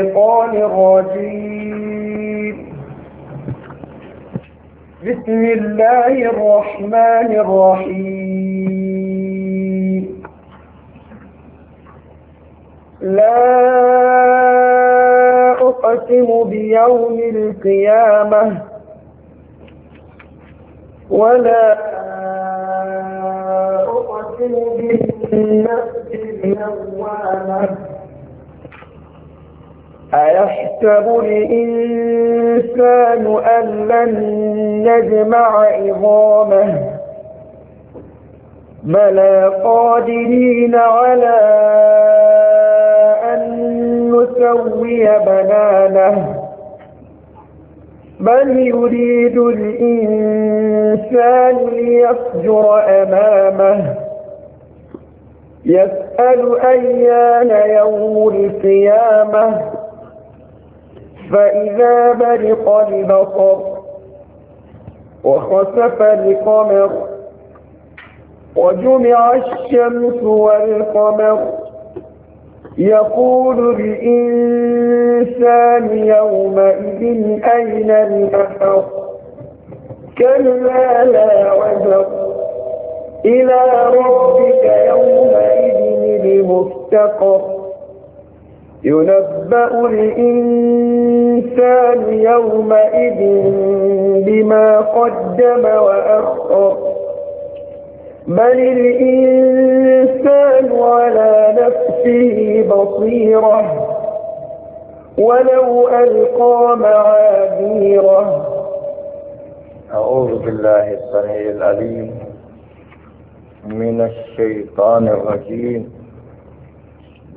الشيطان الرجيم بسم الله الرحمن الرحيم لا أقسم بيوم القيامة ولا أقسم بالنفس اللوامة أيحسب الإنسان أن لن نجمع عظامه بلى قادرين على أن نسوي بنانه بل يريد الإنسان ليفجر أمامه يسأل أيان يوم القيامة فإذا برق البصر وخسف القمر وجمع الشمس والقمر يقول الإنسان يومئذ أين الأثر كلا لا وزر إلى ربك يومئذ المستقر ينبأ الإنسان يومئذ بما قدم وأخر بل الإنسان على نفسه بصيرة ولو ألقى معاذيره أعوذ بالله السميع العليم من الشيطان الرجيم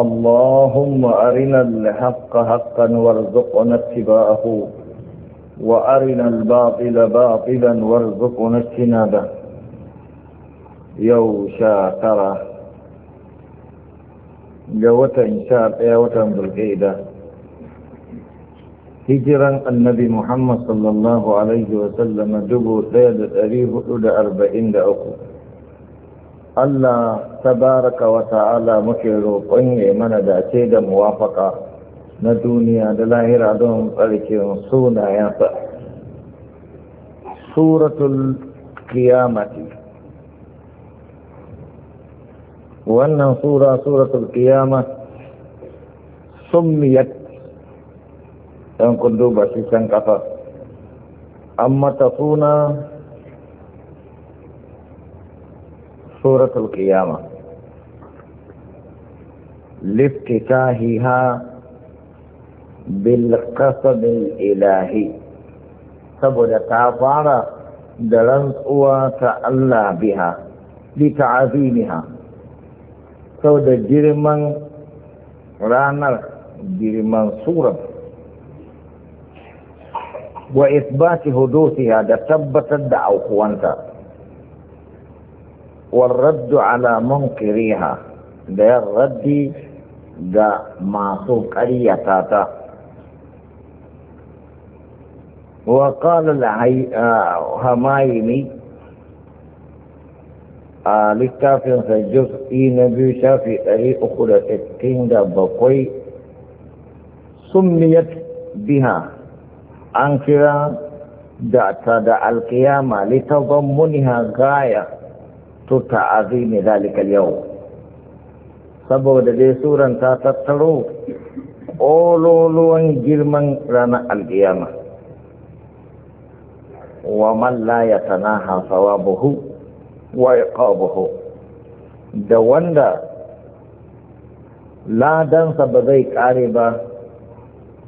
اللهم أرنا الحق حقا وارزقنا اتباعه وأرنا الباطل باطلا وارزقنا اجتنابه يو شاكرة جوة إنشاء يوة بالقيدة هجرا النبي محمد صلى الله عليه وسلم دبو سيد الأريه إلى أربعين دأخو Allah ta tabaraka wa ta'ala muke roƙon ya mana dace da muwafaka na duniya da lahira don tsarkin sunayensa suratul kiyamati wannan sura suratul kiyama summiyat don kun duba shi can ƙasa an mata suna suratul qiyama liftitahiha bil qasabil ilahi saboda ta fara da rantsuwa ta Allah biha li ta'azimiha saboda girman ranar girman surar wa isbati hudusiha da tabbatar da aukuwanta والرد على منكريها ده الرد ده معصوب قريتاتا وقال العي... آه... همايمي آه لكتافين سجزئي نبي شافي أري أخرى ستين ده بقوي سميت بها أنكرا دعتا دا القيامة لتضمنها غاية ta azimi zalikal yau saboda dai suran ta tattaro ololuwan girman ranar alƙiyama wa man la ya tanaha sawabuhu wa iqabuhu da wanda ladansa ba zai ƙare ba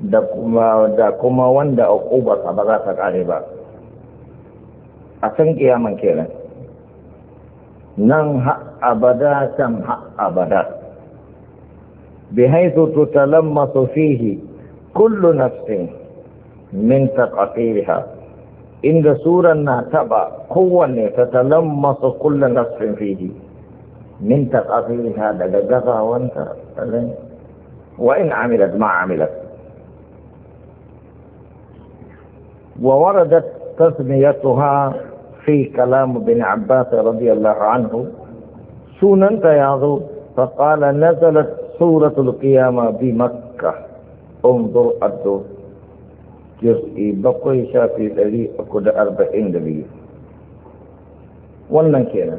da kuma da kuma wanda uqubarsa ba za ta ƙare ba a san kiyaman kenan nan abada can أبدا بحيث تتلمس فيه كل نفس من تقطيعها إن سورة نعتبى قوة تتلمس كل نفس فيه من تقطيعها دقاقها وانت وإن عملت ما عملت ووردت تسميتها في كلام ابن عباس رضي الله عنه سنن تياظو فقال نزلت سورة القيامة بمكة انظر أدو جزئي بقوي شافي لي أكد أربعين لي ولن كينا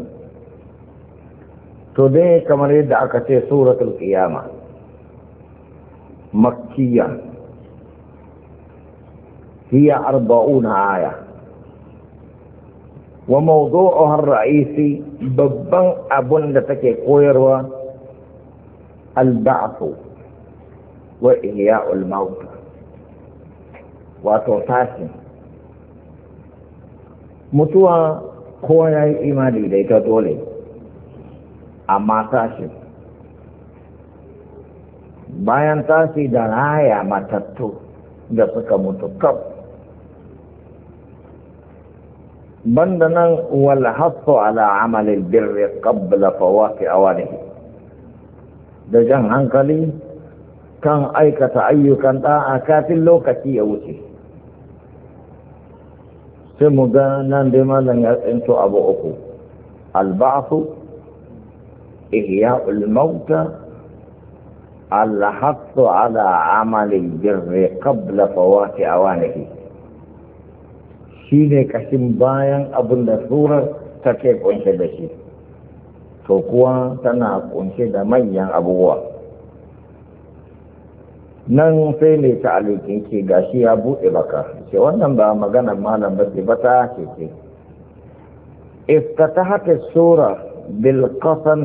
تدين كما يدعك سورة القيامة مكية هي أربعون آية wa mawdu'uha har raisi babban abun da take koyarwa al-ba'th wa ihya'ul maut wato tashi mutuwa ko ya yi imani da ita dole amma tashi bayan tashi da raya matattu da suka mutu kaf banda nan wal ala amalin birri qabla fawati a da jan hankali kan aikata ayyukan ɗaa kafin lokaci ya wuce sai mu ga nan dai malam ya tsinto abu uku alba'su ihya'ul mauta al ala amalil birri qabla fawati awanihi shi ne kashin bayan abin da surar ke kunshe da shi to kuwa tana kunshe da manyan abubuwa nan sai mai ta'aliki ke gashi ya buɗe baka ce wannan ba magana malam ba ce ba ta ce ce yau السورة بالقسم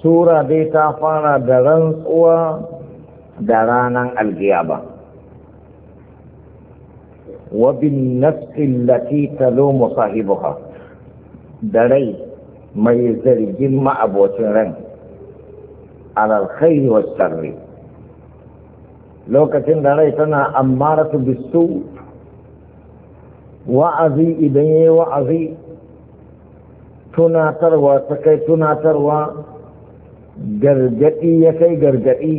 Sura dai ta fara da rantsuwa da ranar القيامة wabin nafsin latita lomo sahibuka da rai mai zargin ma'abocin ran alalkai wa tsarri lokacin da rai tana amma rasu wa'azi idan ya yi wa'azi tunatarwa ta kai tunatarwa gargaɗi ya kai gargaɗi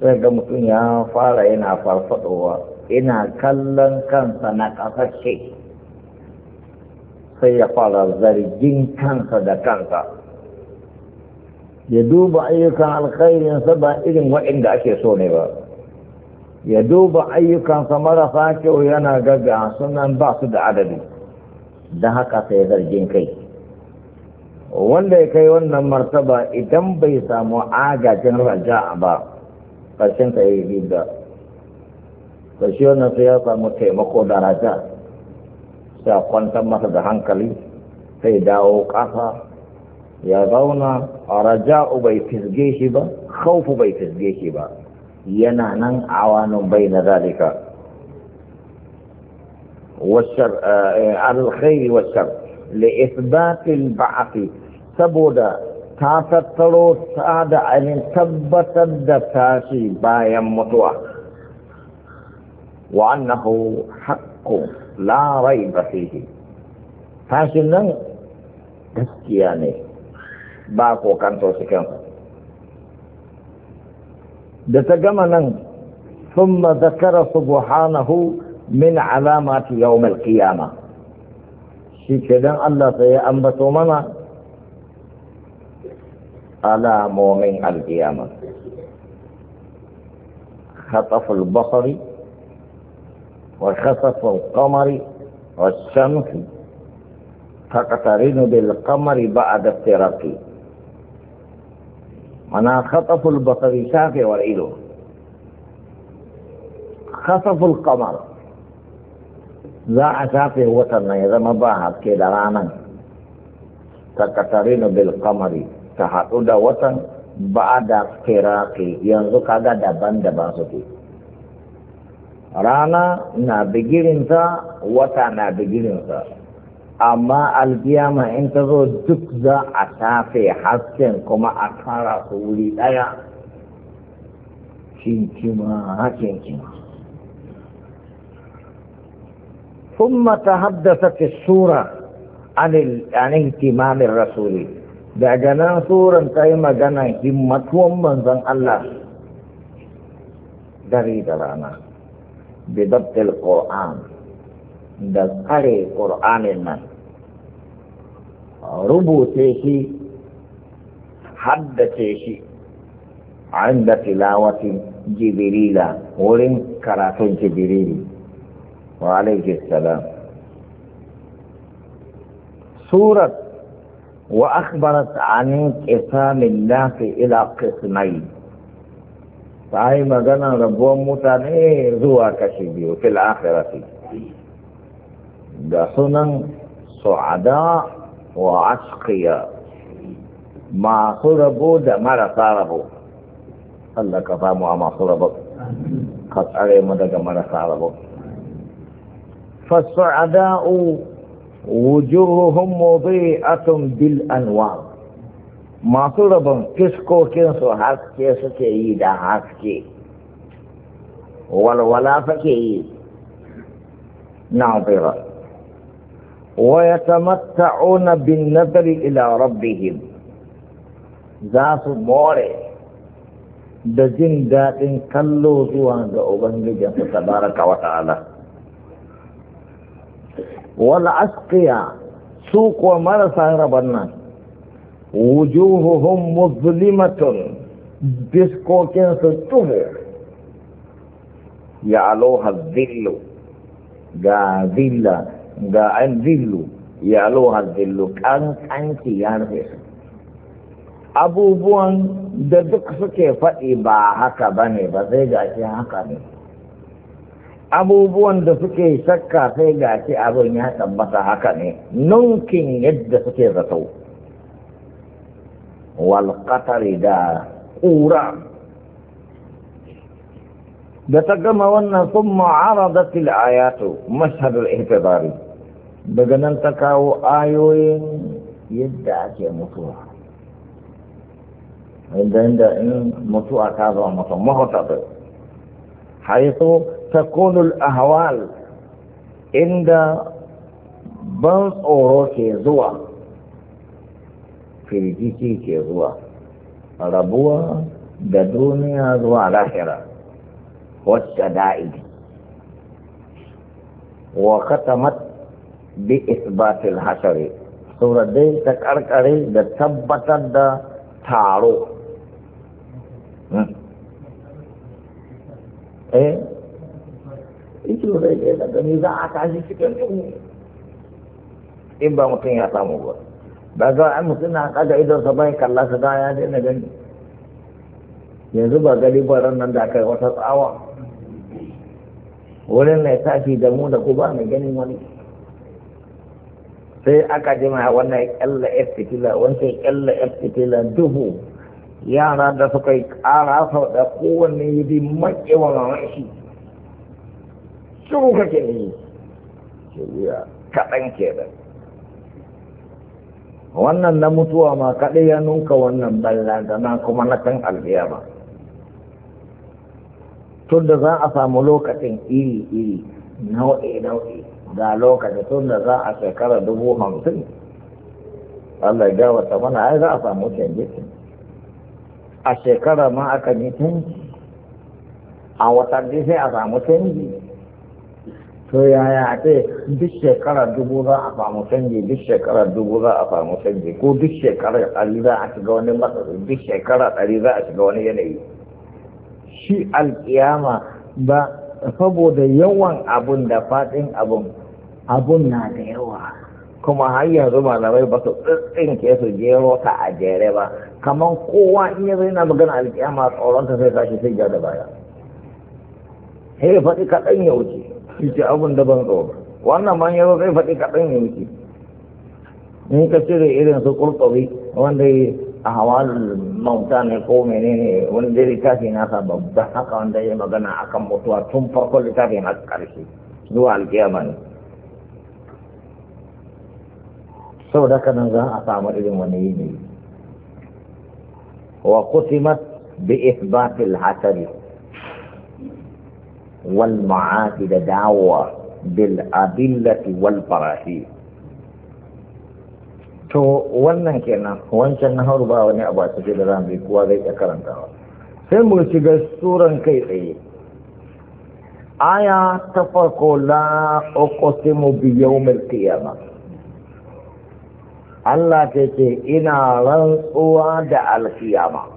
sai ga mutum ya fara yana farfadowa ina kallon kansa na ƙasashe sai ya fara zargin kansa da kansa ya duba ayyukan alkhairinsa ba irin waɗanda ake so ne ba ya duba ayyukansa marasa kyau yana gaga sunan ba su da adadi da haka sai zargin kai wanda ya kai wannan martaba idan bai samu agajin raja'a ba ƙarshen ta yi da to shi wannan sai ya samu taimako daraja raja sai kwantar masa da hankali sai dawo kasa ya zauna a raja'u bai fisge shi ba khaufu bai fisge shi ba yana nan awanin bai na zalika eh, alkhairi washar li isbatil ba'afi saboda ta tattaro ta da ainihin tabbatar da tashi bayan mutuwa wa annahu haqqu la raiba fihi fasin nan gaskiya ne ba ko kan to sike da ta gama nan thumma zakara subhanahu min alamati yawm alqiyama shi kedan allah sai ya ambato mana ala mu'min alqiyama khataful bahri وخسف القمر والشمس تقترن بالقمر بعد افتراقه معناها خطف البصر شافع والعيل خطف القمر ذا شافع وطن إذا ما باعت كده رانا تقترن بالقمر تحدد وطن بعد افتراقه ينزق هذا دبان دبان سكي rana na bigirinta wata na bigirinsa amma alkiyama in ta zo duk za a tafe hasken kuma a tara su wuri ɗaya kinkima hakin kima ثم تحدثت السورة عن an اهتمام rasuli. daga nan suran ta yi magana himmatuwan manzon Allah dare da rana بضبط القرآن دقري قرآن من ربو تيشي حد تيشي عند تلاوة جبريل ولن كرات جبريل وعليه السلام سورة وأخبرت عن انقسام الناس إلى قسمين ta yi magana rabuwan mutane zuwa kashi biyu fil akhirati da sunan su'ada wa asqiya masu rabo da marasa rabo Allah ka samu a masu rabo ka tsare mu daga marasa rabo fasu'ada'u wujuhuhum mudi'atun bil anwar masu rabon fiskokinsu haske suke yi da haske walwala suke yi nazira wa ya ona bin nazari ila rabbihim za su more da jin daɗin kallo zuwa ga ubangijinsu baraka wa ta'ala wal askiya su kuwa marasa rabon nan wujuhuhum muzlimatun biskokin su tuhu ya aloha zillu ga an zillu ya aloha zillu kankanci ya rufe abubuwan da duk suke faɗi ba haka ba ne ba sai ga shi haka ne abubuwan da suke shakka sai ga shi abin ya tabbata haka ne nunkin yadda suke zato. walƙatari da ƙura da ta gama wannan sun ma'ara da tilayatu mashhadar ihtibari daga nan ta kawo ayoyin yadda ake mutuwa inda in mutuwa ta zama mutum mahutabar ta kunul ahawal inda ban tsoro ke zuwa firgiki ke zuwa rabuwa da duniya zuwa lahira wacce da'i wa katamat bi isbatil hashari surar dai ta karkare da tabbatar da taro hmm. eh ito zai da ne za a tashi cikin in ba mutum ya samu ba ba ga an mutum na kaga idon sa bai kalla su da ya daina gani yanzu ba gari ba nan da aka wata tsawa wurin mai tashi da mu da ku ba mai ganin wani sai aka jima wannan ya kyalla yar wancan ya kyalla yar yara da suka yi ƙara sau da kowanne yi bi makewa mamashi shi kuka ke ne kaɗan ke da wannan na mutuwa ma kaɗai ya nunka wannan da na kuma na kan alkiyama tun da za a samu lokacin iri-iri nau'i-nau'i ga lokaci tun da za a shekara dubu hamsin Allah ya ta mana ai za a samu canje a shekara ma aka yi canji a watanni sai a samu canji to yaya a ce duk shekarar dubu za a samu canji duk shekarar dubu za a samu canji ko duk shekarar ɗari za a shiga wani matsayi duk shekarar ɗari za a shiga wani yanayi shi alƙiyama ba saboda yawan abun da faɗin abun abun na da yawa kuma har yanzu malamai ba su ke su jero ta a jere ba kamar kowa in yanzu yana magana alkiyama ta sai sashi sai ja da baya Hei faɗi kaɗan ya wuce fice abun da ban tsoro wannan man yaro zai faɗi kaɗan ya wuce in ka cire irin su ƙurƙuri wanda a hawalin mauta ne ko menene wani dai littafi nasa babban haka wanda ya magana akan mutuwa tun farkon littafin har ƙarshe zuwa alƙiyama ne Sau da kanan za a samu irin wani yi ne. wa kusimat bi ihbatil hasari والمعاتد دعوة بالأدلة والبراهين to wannan kenan wancan na haru ba wani abu a cikin da kowa zai iya karantawa sai mu shiga suran kai tsaye aya ta farko la uqsimu bi yawmil qiyama Allah ta ce ina rantsuwa da alkiyama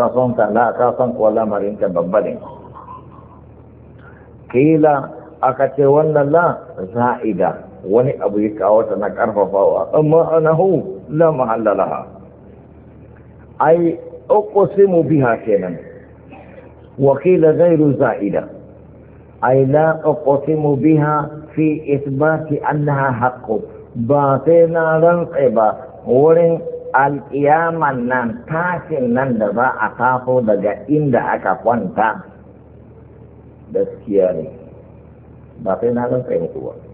ka son kala ka son kuwa lamarinka babba ne kila aka ce wannan la za'ida wani abu ya kawo ta na karfafawa amma anahu la mahallalaha ai uqsimu biha kenan wa qila ghayru za'ida ai la uqsimu biha fi ithbati annaha haqqu ba sai na rantsa ba wurin al’iyaman nan tashin nan da za a taso daga inda aka kwanta gaskiya ne ba sai na zan tsaye mutuwa ba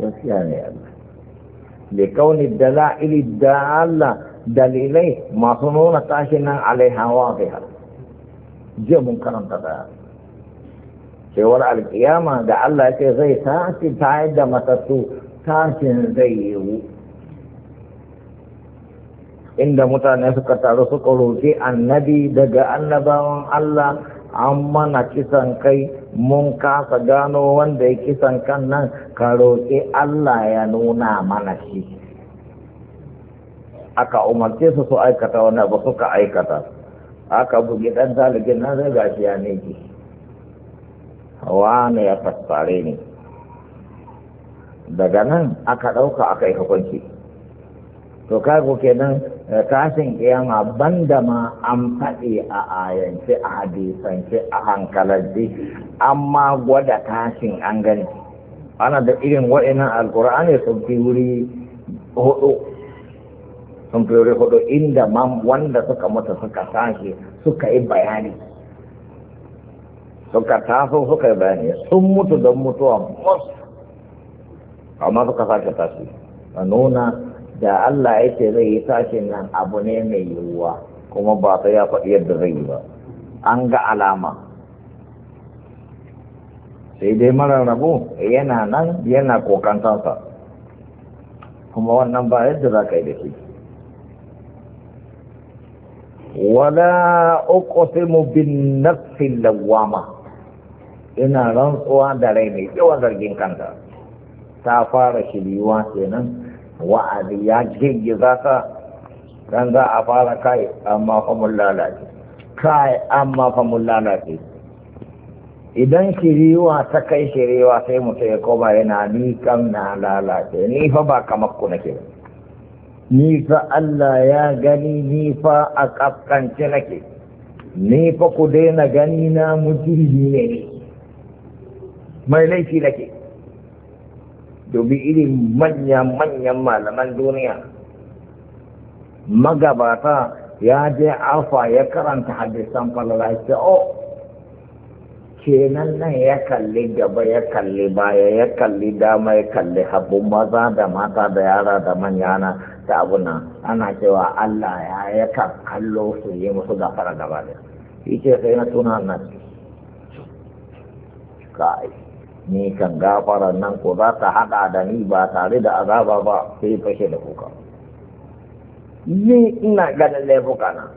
gaskiya ne Allah da kauni la'ili da Allah dalilai masu nuna tashin nan alaiha wa zai har je mun karanta da cewar alƙiyama da Allah ya ce zai tashi ta da matattu tashin zai yiwu inda mutane suka taru suka roƙi annabi daga annabawan Allah an mana kisan kai mun kasa gano wanda ya kisan kan nan ka roƙi Allah ya nuna mana shi aka umarce su su aikata wani ba suka aikata aka bugi ɗan talibin nan zai gashi ya neki Wani ne ya fassare ne daga nan aka ɗauka aka yi hukunci to kago kenan eh, tashin kiyama banda ma an faɗi a ayance a hadisance a hankalarci amma gwada tashin an gani ana da irin wa'inan alkur'ani sun fi wuri hudu sun fi wuri hudu inda man wanda suka mutu suka tashi suka yi bayani suka taso suka yi bayani sun mutu don mutuwa amma suka sake tashi a nuna da Allah ya ce zai yi tashin nan abu ne mai yiwuwa kuma ba ta ya faɗi yadda zai yi ba an ga alama sai dai mara rabu yana nan yana kokantansa kuma wannan ba yadda za ka yi da shi wala uqsimu bin nafsi lawama ina rantsuwa da rai mai yawan zargin kanta ta fara shiriwa kenan wa'azi ya za ka dan za a fara kai amma fa mun lalace kai amma fa mun lalace idan shiriwa ta kai shiriwa sai mutum ya koma yana ni kam na lalace ni fa ba kamar ku nake ni fa Allah ya gani ni fa a kaskance nake ni fa ku daina gani na mutum ne mai laifi nake domin irin manya-manyan malaman duniya magabata ya je alfa ya karanta hadisan falala ce o oh, kenan nan ya kalli gaba ya kalli baya ya kalli dama ya kalli habu maza da mata da yara da manya na da abuna ana cewa Allah ya ya kallo su yi musu gafara gaba da ya ce sai na tuna nan ni kan gafara nan ko za ta haɗa da ni ba tare da azaba ba sai fashe da kuka ni ina ganin laifuka na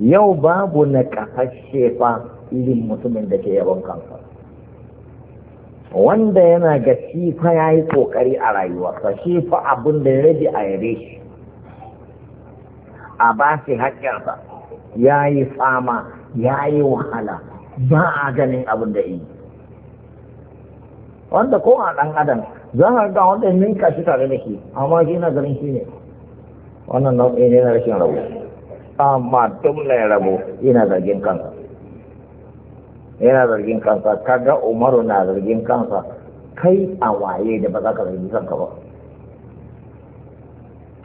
yau babu na kafashe ba irin mutumin da ke yabon kansa wanda yana ga shifa ya yi ƙoƙari a rayuwa, ka fa abin da ya rage a yare shi a ba shi haƙƙinsa ya yi fama ya yi wahala ba a ganin abin da yi wanda ko a ɗan adam za a ga wanda ninka shi tare da shi amma shi na ganin shi ne wannan nau'i ne na rashin rabo amma duk na rabo yana zargin kansa yana zargin kansa kaga umaru na zargin kansa kai a waye da ba za ka zargi kanka ba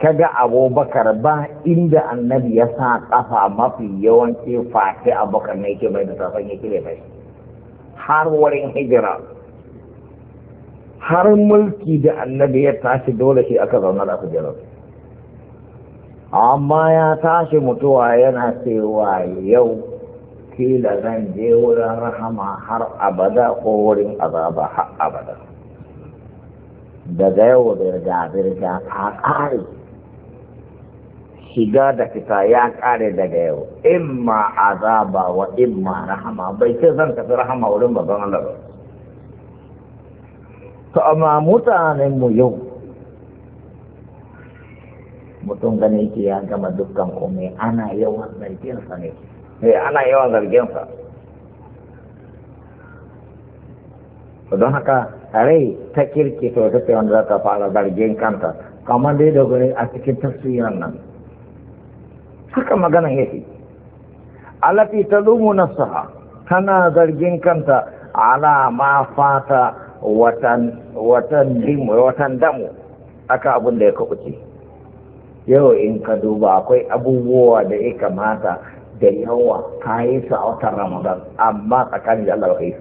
Ka ga abubakar ba inda annabi ya sa ƙafa mafi yawanci fati abubakar ne yake mai da safan yake da bai har wurin hijira har mulki da annabi ya tashi dole shi aka zauna da kujerar amma ya tashi mutuwa yana cewa yau kila zan je wurin rahama har abada ko wurin azaba har abada daga yau zirga-zirga ta ƙare shiga da fita ya kare daga yau imma azaba wa imma rahama bai ce zan tafi rahama wurin babban Allah ba to amma mutanen mu yau mutum gane yake ya gama dukkan komai ana yawan zargin sa ne eh ana yawan zargin sa don haka are ta kirki to ta wanda za ta fara zargin kanta kamar dai da gure a cikin tafsirin nan haka maganan yake lumu na saha. tana zargin kanta ala ma fata watan watan damu aka abin da ya kubuce yau in ka duba akwai abubuwa da ya kamata da yawa ka yi su a watan ramadan amma tsakanin da Allah su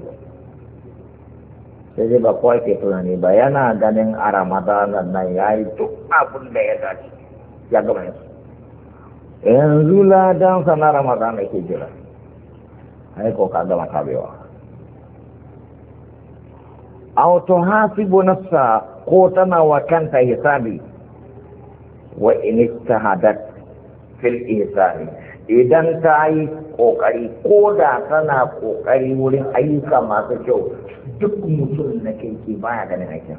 sai ba kowa ke tunani ba yana ganin a ramadan nan ya yi duk abin da ya dace ya gama yasu yanzu ladansa na ramadana ke jira haiko ka gama kabewa autohasibu nafsa ko tana wa kanta hisabi wa inistahadat fil ihsani idan ta yi kokari ko da tana kokari wurin ayyuka masu kyau duk mutum na ke baya ganin aikin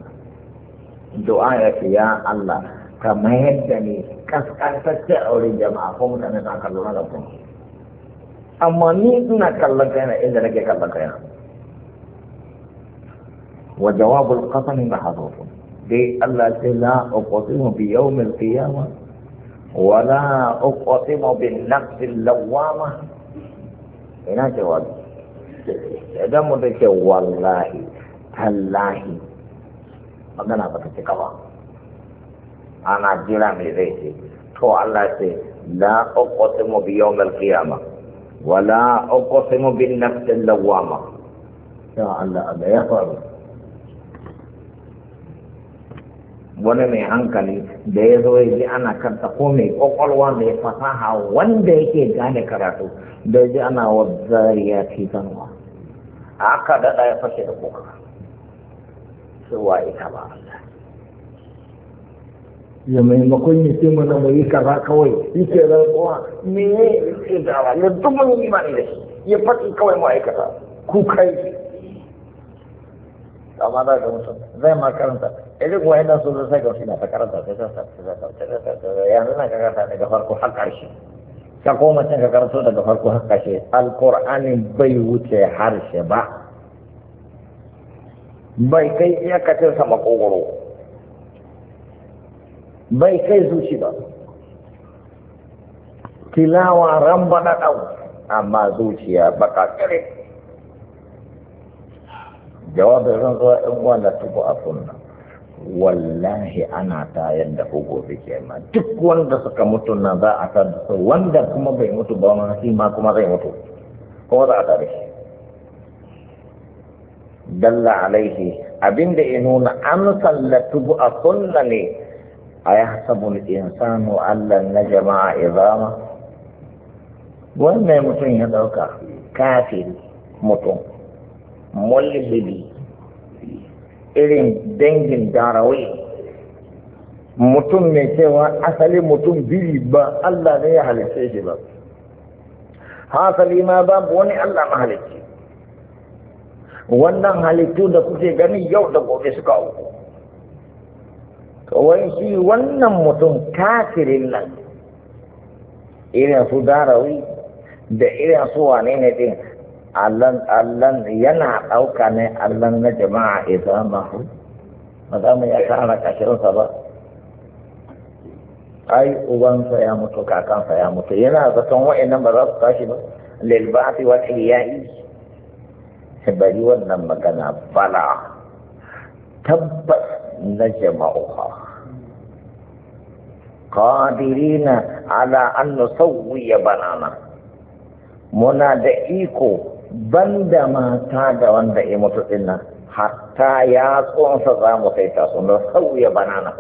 du'a ya ce ya Allah كمهن تاني كاس كان تتعور الجماعة فهم كان يتعى لكم أما نيتنا كاللقينا إذا لك كاللقينا وجواب القسم محظوظ دي الله لا أقسم بيوم القيامة ولا أقسم بالنفس اللوامة هنا جواب إذا مدرك والله تلاهي ما كان هذا ana jira mai zai ce to Allah ce la uqsimu bi yawmil qiyamah wa la uqsimu bin nafsil lawama ya Allah Allah ya faru wani mai hankali da ya zo ji ana kanta ko mai kwakwalwa mai fasaha wanda yake gane karatu da ji ana wadda ya fi zanwa haka da ya fashe da kuka cewa ita ba Allah ya maimakon ya ce mana mu yi kaza kawai shi ke kowa me ya yi dawa ya dubu ni ba ne ya faɗi kawai ma'aikata ku kai amma za ka mutum zai ma karanta irin eh, wayan da su sai ga na ta karanta sai ta sa ta ta yanzu na karanta daga farko har ƙarshe ka koma can ka karanto daga farko har ƙarshe alƙur'anin bai wuce harshe ba bai kai iyakacin sa makogoro bai kai zuci ba tilawa ramba na ɗau amma zuciya baka kare jawabin zan zo in uwa na tubu a sunna wallahi ana tayar da hugo ke ma duk wanda suka mutu na za a tar da wanda kuma bai mutu ba ma shi ma kuma zai mutu kuma za a tare shi dalla alaihi abinda ya nuna an sallatu a sunna ne أيحسب الإنسان أن لن نجمع عظامه wannan mutum ya ɗauka kafiri mutum mulhidi irin dangin darawi mutum mai cewa asali mutum biri ba Allah ne ya halice shi ba hasali ma babu wani Allah halice wannan halittu da kuke gani yau da gobe suka auku kawai shi wannan mutum kafirin nan irin su darawi da irin su wane ne din allan allan yana ɗauka ne allan na jama'a idan mahu ba za mu ya kara kashirinsa ba ai ubansa ya mutu kakansa ya mutu yana zaton wa'annan ba za su tashi ba lilbati wal yi? bari wannan magana bala tabbas najma uha qadirina ala an nusawwiya banana muna da iko banda mata da wanda ya mutu din hatta ya sa za mu kai ta sun sauya banana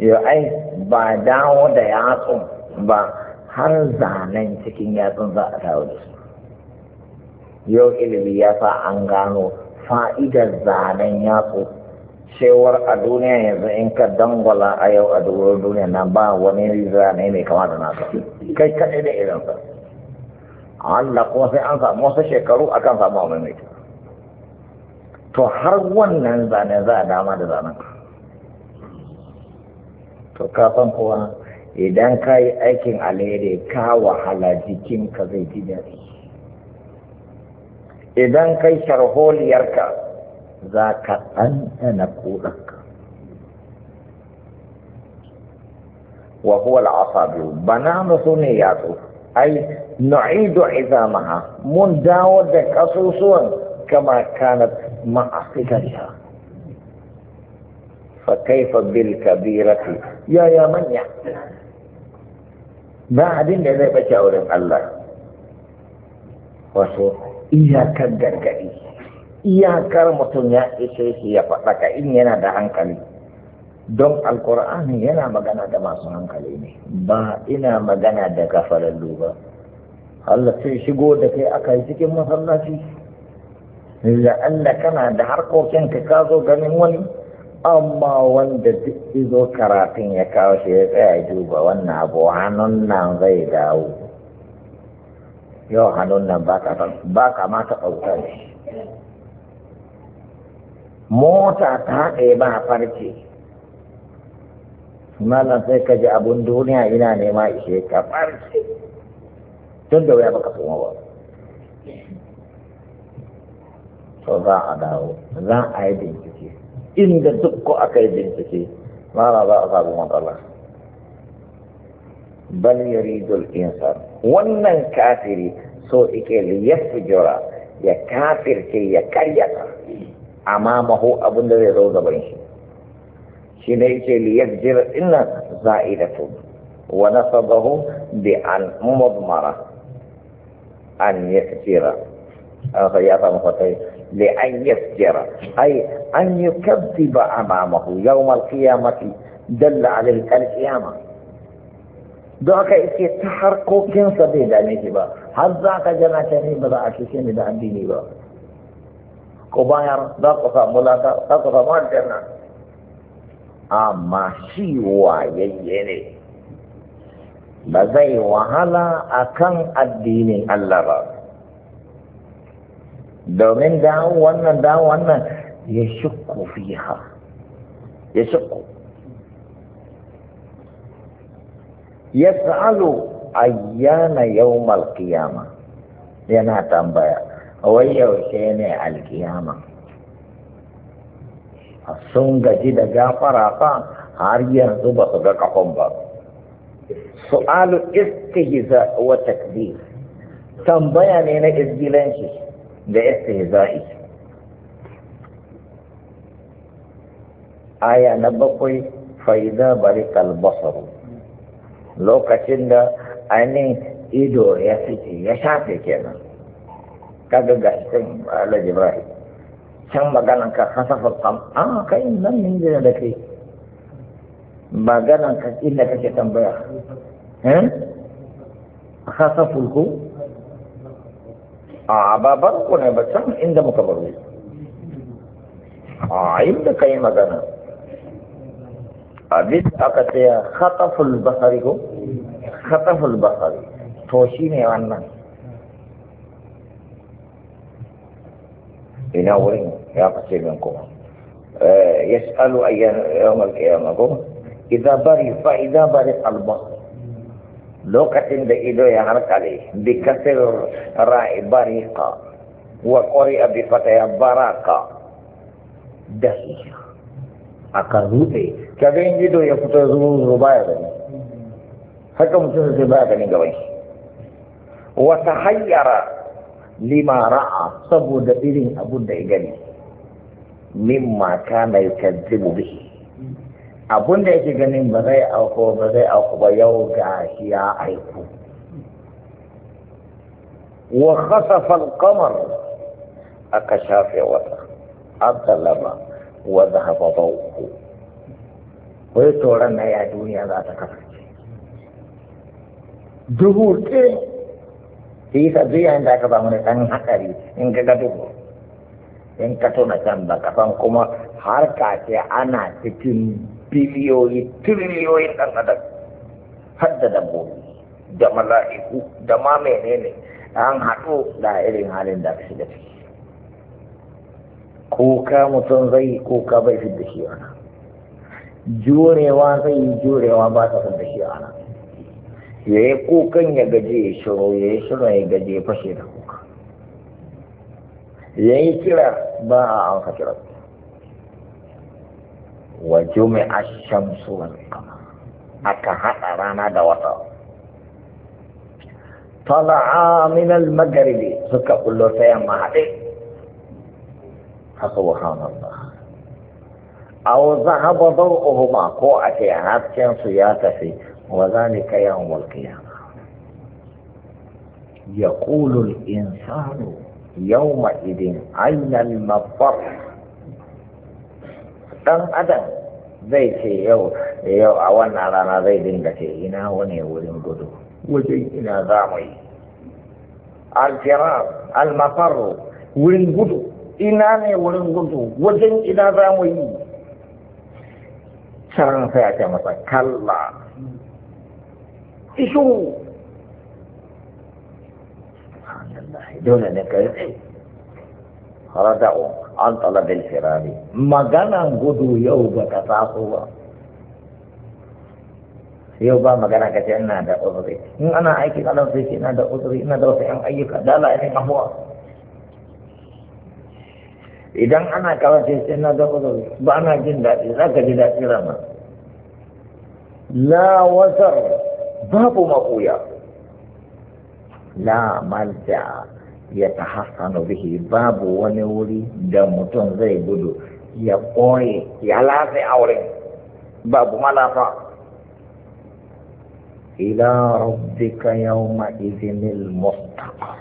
yo ai ba dawo da yatsun ba har zanen cikin yatsun za a da su yau ilimi ya an gano fa'idar zanen yatsu cewar a duniya yanzu in ka dangwala a yau a duniyar duniya na ba wani zane mai kama da nasa kai kaɗai da irinsa Allah kuma sai an samu wasu shekaru akan samu wani mai to har wannan zane za a dama da zanen to kafin kuwa idan ka yi aikin alheri ka wahala jikinka zai ji daɗi idan kai sharholiyarka za ka ɗanɗana kuɗanka wa huwa al'asabiyu banana su ne yatsu ai nu'idu izamaha mun dawo da kasusuwan kama kanat ma'afikariya fa kaifa bil kabirati ya ya manya ba abin da zai bace wurin Allah wato iyakar gargadi iyakar mutum ya isa shi ya faɗaka in yana da hankali don alkur'ani yana magana da masu hankali ne ba ina magana da kafarallu ba Allah sai shigo da kai aka yi cikin masallaci la'alla kana da harkokin ka ka zo ganin wani amma wanda duk izo karatun ya kawo shi ya tsaya duba wannan abu hannun nan zai dawo yau hannun nan ba ka ba ne mota ta haɗe ba farce malam sai ka ji abun duniya ina nema ishe ka farce tun da wuya baka tsoma ba to za a dawo za a yi bincike inda duk ko aka yi bincike mara za a samu matsala بل يريد الإنسان ونن كافر سوء ليفجر يا كافر كي يكريتا أمامه أبن الذي روز بنشي شنيك ليفجر إن زائدة ونصبه بأن مضمرة أن يفجر لأن يفجر أي أن يكذب أمامه يوم القيامة دل عليه القيامة don haka ce ta harkokinsa bai dame shi ba har za ka jana ta ne ba za a kishe ni da addini ba ko bayar za ku samu lata za ku samu aljanna amma shi wayayye ne ba zai wahala a kan addinin Allah ba domin da wannan da wannan ya shukku fiha ya shukku yas'alu ayyana yawmal qiyama yana tambaya wai yaushe ne alkiyama sun gaji da gafara fa har yanzu ba su ga kafan ba su'alu istihza wa takbir tambaya ne na izgilanci da istihza'i aya na bakwai faida bari basar lokacin da ainihin ido ya fice ya shafe kenan kaga ga cikin alaji ibrahim can maganan ka kasa fulkan a ah, kai nan ne jira da kai maganan ka inda kake tambaya eh kasaful ku ah, a babar ku ne ba can inda muka baro a ah, inda kai magana ابد کتے خطف البصری هو خطف البصری توشی میں وانا اینا ورین یا کتے میں کو یسالو آه، ایان یوم القیامة اذا بری فاذا اذا بری قلبا لو کتن دے ایدو یا حرک علی بکسر رائی بریقا وقرئ بفتح براقا دہیہ aka rute kaga in gido ya fito zuwa zuwa baya gani haka mutum sai baya gani gaban shi wata hayyara lima ra'a saboda irin abun da ya gani mimma mai yukadzibu bihi abun da yake ganin ba zai auku ba zai auku ba yau ga shi ya aiku wa khasafa al-qamar aka shafe wata abdallama wa zahaba bauku wai tsoron na ya duniya za ta kasance duhu ɗin shi sa duk da aka samu ne ɗan haƙari in ga ga duhu in ka tona can ba kafan kuma har kace ana cikin biliyoyi tiriliyoyin ɗan adam har da dabbobi da mala'iku da ma menene an haɗu da irin halin da aka shiga ciki kuka mutum zai kuka bai fi da shi ana jurewa zai yi jurewa ba ta fi da shi ana ya yi kukan ya gaje ya shiro ya yi shiro ya gaje ya fashe da kuka ya yi kira ba a an ka kira wa jume ashamsu wal qamar aka haɗa rana da wata طلعا من المغرب سكا قلو سيما هذه فسبحان الله أو ذهب ضوءهما كو أتي هاتشين سياتفي وذلك يوم القيامة يقول الإنسان يومئذ أين المضر دم أدم زي شيء يو يو أولنا نعم، لنا زي دنجتي هنا وني ولن قدو وجي إنا ذامي الفرار المفر ولن قدو ina ne wurin gudu wajen ina za mu yi can sai ake masa kalla isu dole ne ka yi harada'u an talabin firari maganan gudu yau ba ta taso ba yau ba magana ka ce ina da uzuri in ana aiki kalan sai ce ina da uzuri ina da wasu yan ayyuka dala ina kafuwa idan ana karanta sai na zama da ba na jin daɗi za ka ji daɗi rana la wasar babu maƙuya la malja ya ta hassanu bihi babu wani wuri da mutum zai gudu ya ƙoye ya lafi auren babu malafa ila rabbika yawma idhinil mustaqar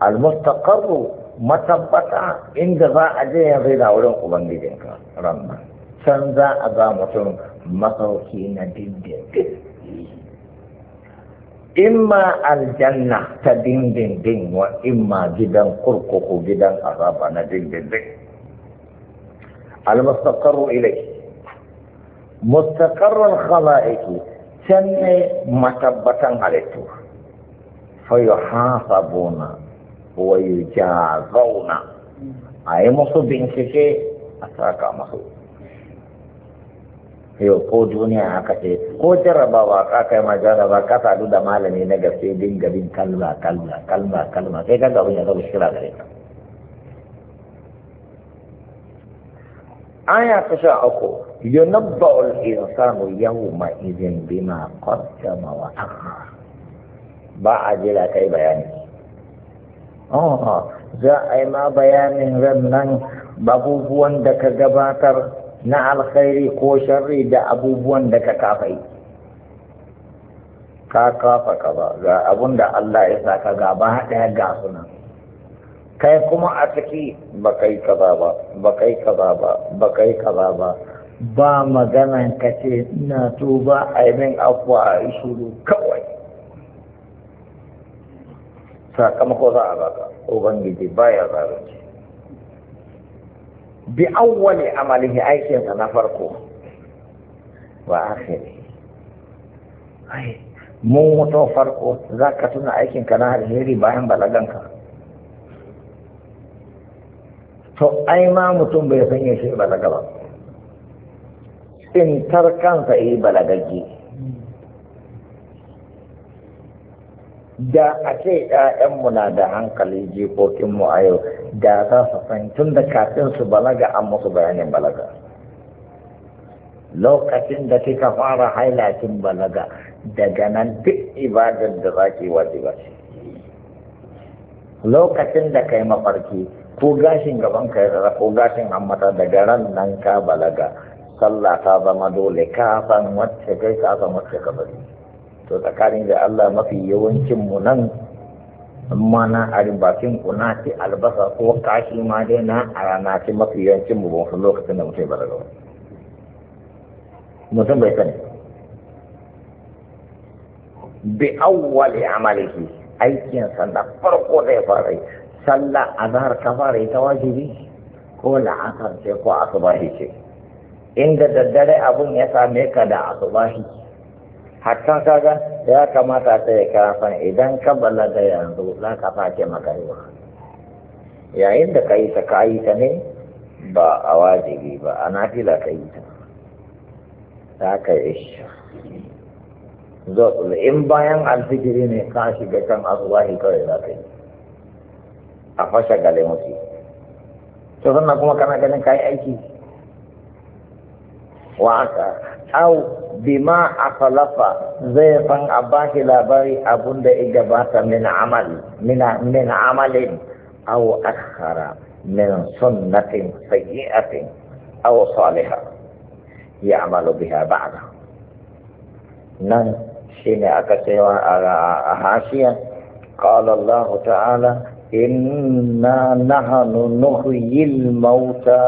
al mustaqarru matabbata inda za a je zai da wurin ubangijinka ranar can za a ga mutum masauki na dindindin imma aljanna ta dindindin wa imma gidan kurkuku gidan azaba na dindindin almustaqarru ilai mustaqarrul khala'iqi can ne matabbatan halittu fa yuhasabuna wa yujazawna a yi musu bincike a saka musu yau ko duniya aka ce ko jarrabawa ka kai ma jarraba ka sadu da malami na gaske din garin kalma kalma kalma kalma sai ka gaban ya zama shira gare ka aya ta sha uku yunabba'ul insanu yawma idin bima qaddama wa akhara ba a jira kai bayani Oh, za a yi ma bayanin rannan abubuwan da ka gabatar na alkhairi ko sharri da abubuwan da ka kafai ka kafa ka ba ga abun da Allah ya sa ka gaba ɗaya ga sunan kai kuma a ciki ba kai kaza ba ba kai kaza ba ba kai kaza ba ba maganan ka ce ina tuba a yi min afuwa a yi shuru kawai sakamako za a baka ubangiji baya zalunci bi awwali amalihi aikinsa na farko ba akhiri ai mun mutu farko za ka tuna aikinka na alheri bayan balaganka to ai ma mutum bai san yaushe balaga ba tsintar kansa yi balagagge da a ce ‘ya'yanmu na da hankali jikokinmu a yau da za su san tun da kafin su balaga an musu bayanin balaga lokacin da kika fara hailakin balaga daga nan duk ibadar da za ki wajiba ce lokacin da kai mafarki ko gashin gaban ka ko gashin hammata daga ran nan ka balaga sallah ta zama dole ka san wacce kai ka san wacce ka to tsakanin da Allah mafi yawancin mu nan amma na bakin ku na ci albasa ko kashi ma dai na a rana ci mafi yawancin mu ban san lokacin da mutum balaga ba mutum bai sani bi awwali amalihi aikin sanda farko da ya fara sallah azhar ka fara ita wajibi ko la'asar ce ko asubahi ce inda daddare abun ya same ka da asubahi hatta kaga ya kamata ta yi kafin idan ka balaga yanzu za ka face makarewa yayin da ka yi ta ka yi ta ne ba a wajibi ba a nafila ka yi ta za ka yi shi in bayan alfijiri ne ka shiga kan asuwahi kawai za ka yi a fashe gale mutu to sannan kuma kana ganin ka yi aiki waka au bima asalafa zai san a bashi labari abun da ya gabata min amal amalin au akhara min sunnatin sayyi'atin aw salihah ya amalu biha ba'da nan shine aka cewa a hashiya qala Allah ta'ala inna nahnu nuhyil mauta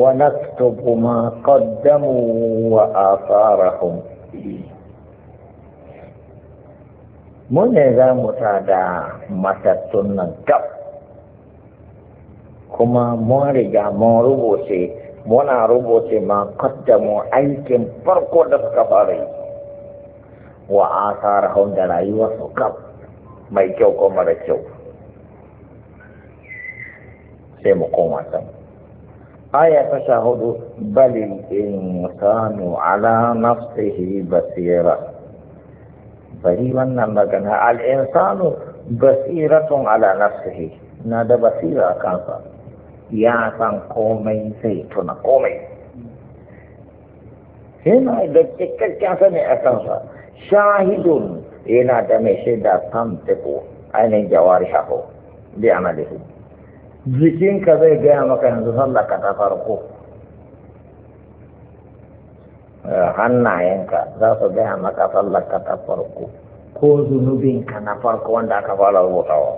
ونكتب ما قدموا وآثارهم mun ne za mu matattun nan gab kuma mun riga mun rubuce muna rubuce ma kaddamu aikin farko da suka fara yi wa asarahum da rayuwarsu gab mai kyau ko mara kyau sai mu koma sama آیا تشاہدو بلی انسانو علا نفسه بسیرا بلی ونن مگنہ الانسانو بسیرتون علا نفسه نا دا بسیرا يا یا سان قومی سیتون قومی هنا دا تکر کانسا نی اتانسا شاہدون اینا دمیشی دا سانتکو این جواری حقو jikinka zai gaya maka yanzu sallaka ta farko eh, hannayenka za su gaya maka sallaka ta farko ko zunubinka na farko wanda aka fara rubutawa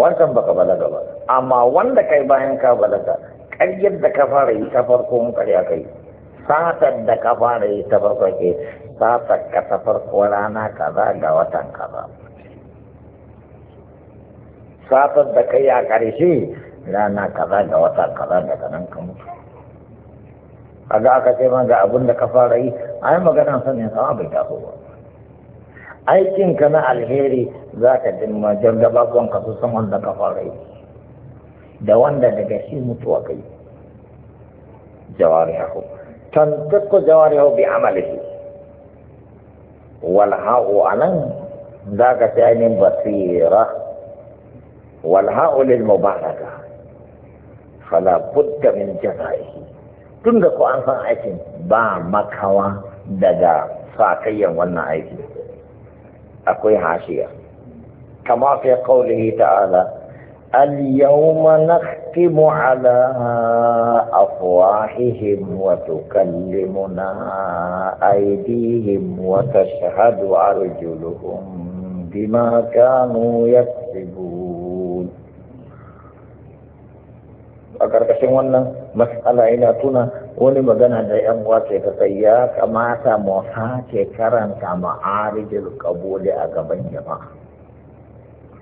wancan baka balaga ba amma wanda kai bayan ka balaga ƙaryar da ka fara yi ta farko mun ƙarya kai satar da ka fara yi ta farko ke satar ka ta farko rana kaza ga watan kaza safar da kai a ƙarshe rana kaza da wata kaza da kanan ka mutu kaga aka ce ma ga abin da ka fara yi a yi maganar sanin sama bai taso ba aikinka na alheri za ka dimma jan gabagon ka su san wanda ka fara yi da wanda daga shi mutuwa kai jawari hako tantakko jawari hako bi amalihi wal ha'u anan za ka ce ainihin basira walha'ul al-mubaraka fala budda min jaza'ihi tunda ko an san aikin ba makawa daga sa kayan wannan aiki akwai hashiya kama fi qawlihi ta'ala اليوم نختم على أفواههم وتكلمنا أيديهم وتشهد أرجلهم بما كانوا يكسبون a ƙarƙashin wannan matsala yana tuna wani magana da yan uwa ke ta sai ya kamata mu sake karanta ma'arijin kabuli a gaban jama'a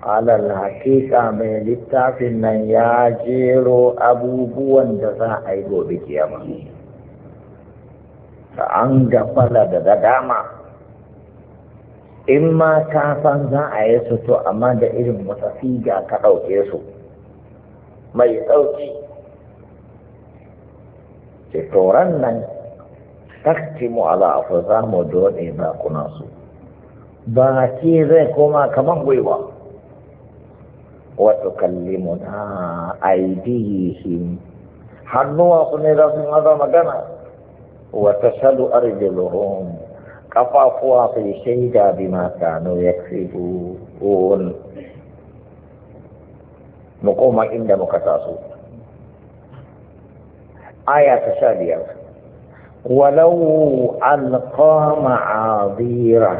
alal hakika mai littafin nan ya jero abubuwan da za a yi gobe kiyama ta an gafala da dama in ma ka za a yi su to amma da irin wata ga ka ɗauke su mai ɗauki ce nan taktimu ala afu za mu dole kuna su ba ke zai koma kamar gwiwa wato kallimuna aidihim hannuwa su ne za su maza magana wata shalu arjiluhum kafafuwa su yi shaida bi makano ya kribu mu koma inda muka taso آية تشالية ولو ألقى معاذيره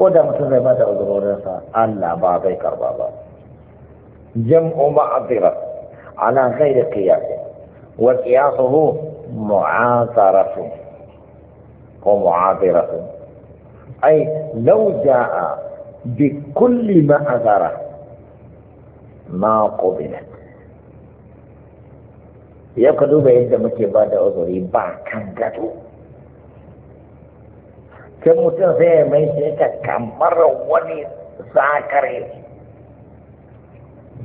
كده مثل ما تقول ألا بعضي كربابا جمع معذرة على غير قياس وقياسه معاذرة ومعاذرة أي لو جاء بكل معذرة ما قبلت yau ka duba yadda muke ba da uzuri ba kan gado sai mutum sai ya mai sai ka kamar wani sakare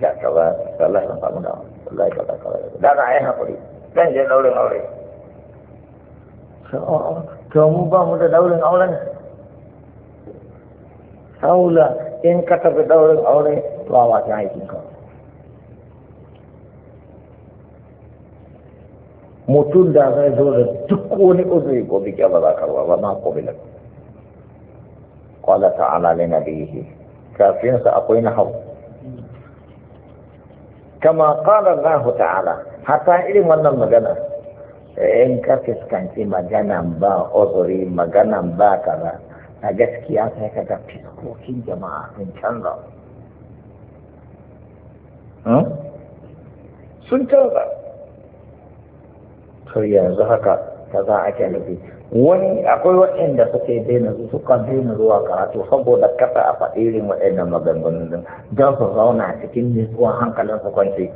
da ka ba sallah ka samu da wallahi ka ka da na ai hakuri dan je daurin aure to mu ba mu da daurin auren haula in ka tafi daurin aure to a wata aikin ka mutum da zai zo da duk wani uzuri bi kyama za karwa ba ma kobilan kwallon ta'ala ne na biyu sa akwai na hau kama na lahu ta'ala hata irin wannan magana in ka fuskanci maganan ba uzuri maganan ba kaza a gaskiya sai ka ga fiskokin jama'a sun canza hmm? sun canza to yanzu haka kaza ake nufi wani akwai waɗanda suke daina suka daina zuwa karatu saboda kasa a faɗi irin waɗannan maganganun din don su zauna a cikin nutsuwan hankalin su kwance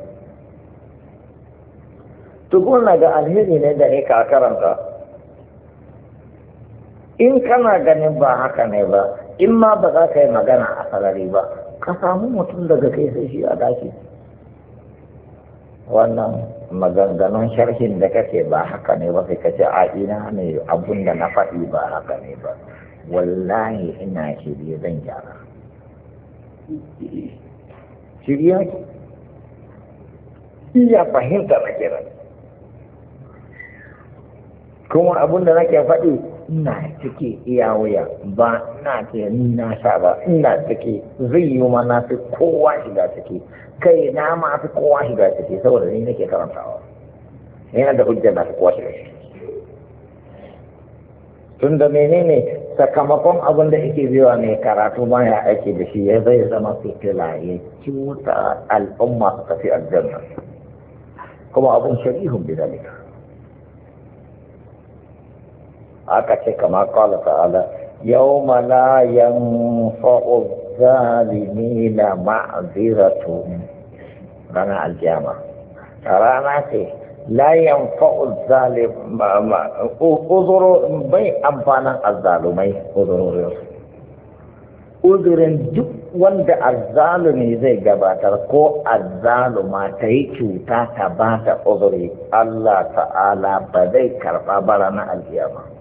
tukun ga alheri ne da ne ka karanta in kana ganin ba haka ne ba in ma ba za ka yi magana a sarari ba ka samu mutum daga kai sai shi a dashi wannan maganganun sharhin da kake ba haka ne ba sai ka ce a ina ne abun da na faɗi ba haka ne ba wallahi ina shirye zan gyara shirya iya fahimta na kiran kuma abun da nake faɗi ina cike iya wuya ba ina ce ni na sha ba ina cike zai yi ma na fi kowa shiga cike kai na ma fi kowa shiga cike saboda ni nake karantawa yana da hujja na fi kowa shiga cike tun da menene sakamakon abin da yake biyowa mai karatu ya aiki da shi ya zai zama fitila ya cuta al'umma su tafi aljanna kuma abin shari'un bidalika aka ce kama kala ta'ala yau mala yan fa'o zalimi na ma'aziratu ranar aljama rana ce layan fa'o zalima uzuro bai amfanin azzalumai uzurorinsu uzurin duk wanda azzalumi zai gabatar ko azzaluma ta yi cuta ta ba ta uzuri Allah ta'ala ba zai karɓa ba ranar aljama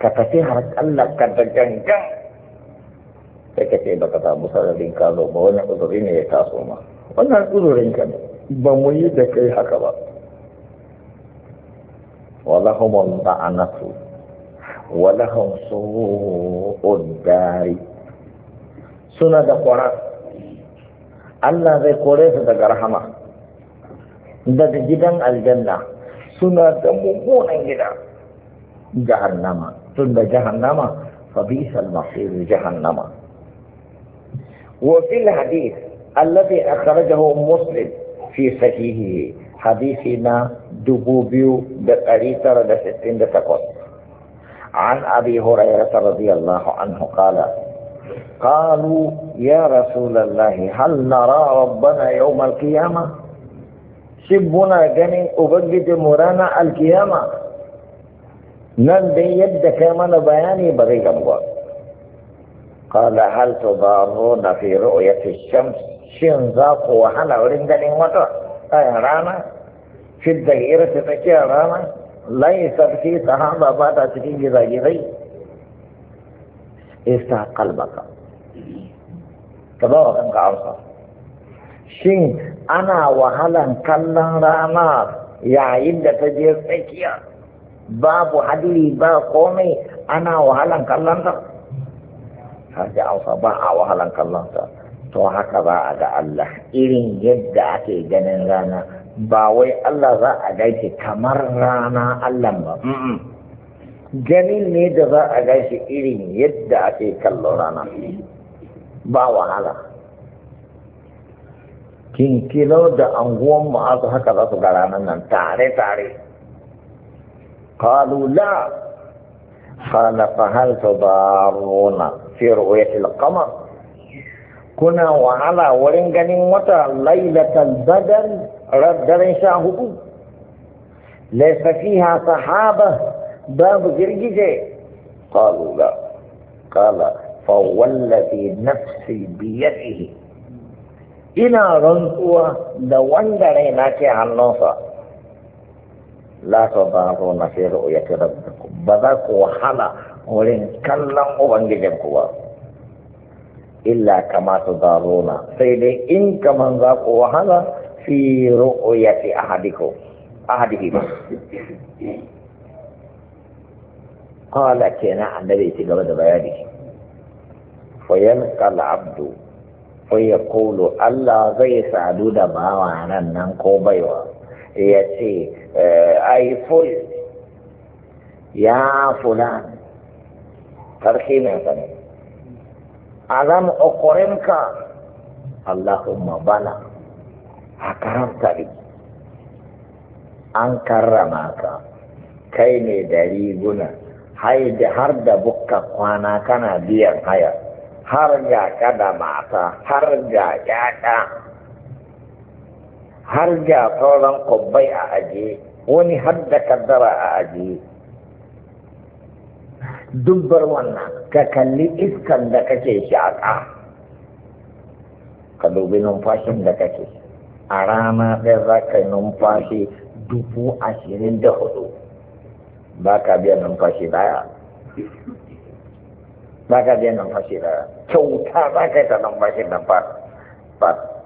ka tafi har Allah ka da gangan sai ka ce baka samu sararin ka zo ba wannan uzuri ne ya taso ma wannan uzurin ka ne ba mu yi da kai haka ba ولهم اللعنة ولهم سوء الدار da قرآن Allah zai kore su daga rahama daga gidan aljanna suna da mummunan gida jahannama tun جهنم فبئس المصير جهنم وفي الحديث الذي أخرجه مسلم في صحيحه حديثنا دبوبيو بقريتر ستين دتقوت عن أبي هريرة رضي الله عنه قال قالوا يا رسول الله هل نرى ربنا يوم القيامة سبنا جنين أبجد مرانا القيامة نن دې یدې کمنه بیانې بغي غوږ قال هل تضارو في رؤية الشمس شين ذاقو وحنا ورند الانوطة اي رانا في الدائرة تكي رانا ليس في تهام بابا تجي ذاقي ذي استا قلبك تبارك انك عرصة شين انا وحلا كلا رانا يعيد تجي تكي رانا babu hadiri ba komai ana wahalan kallonta har da ba a wahalan kallonta to haka ba a ga Allah irin yadda ake ganin rana ba wai Allah za a gaishe kamar rana Allah ba ganin ne da za a gaishe irin yadda ake kallon rana ba wahala kinkilo da anguwan ma'azu haka za su ga ranar nan tare-tare قالوا لا قال فهل تضارون في رؤية القمر كنا وعلى ورنجن وتا ليلة البدر رد شاهد ليس فيها صحابة باب جرجزة قالوا لا قال فوالذي نفسي بيده إلى رنطوة لوندرينك عن نصر la ta zaro na fi ru'yati rabbikum ba za ku wahala wurin kallon ubangijin ku ba illa kama ta zaro na sai dai in kama za ku wahala fi ru'yati ahadikum ahadihi ba qala na annabi ya gaba da bayani fa kal abdu fa kulu Allah zai sadu da bawa nan nan ko baiwa ya ce ai ful ya fulan karshe mai sani azam ukurinka allahumma bala a karanta an karrama ka kai ne da riguna har da bukka kwana kana biyan haya har ga kada mata har ga ƴaƴa har ga sauran kwabbai a ajiye wani har da kaddara a ajiye dubbar wannan ka kalli iskan da kake shaƙa ka dubi numfashin da kake a rana ɗaya za ka yi numfashi dubu ashirin da hudu ba ka biya numfashi daya ba ka biya numfashi daya kyauta za ka yi ta numfashi da fara.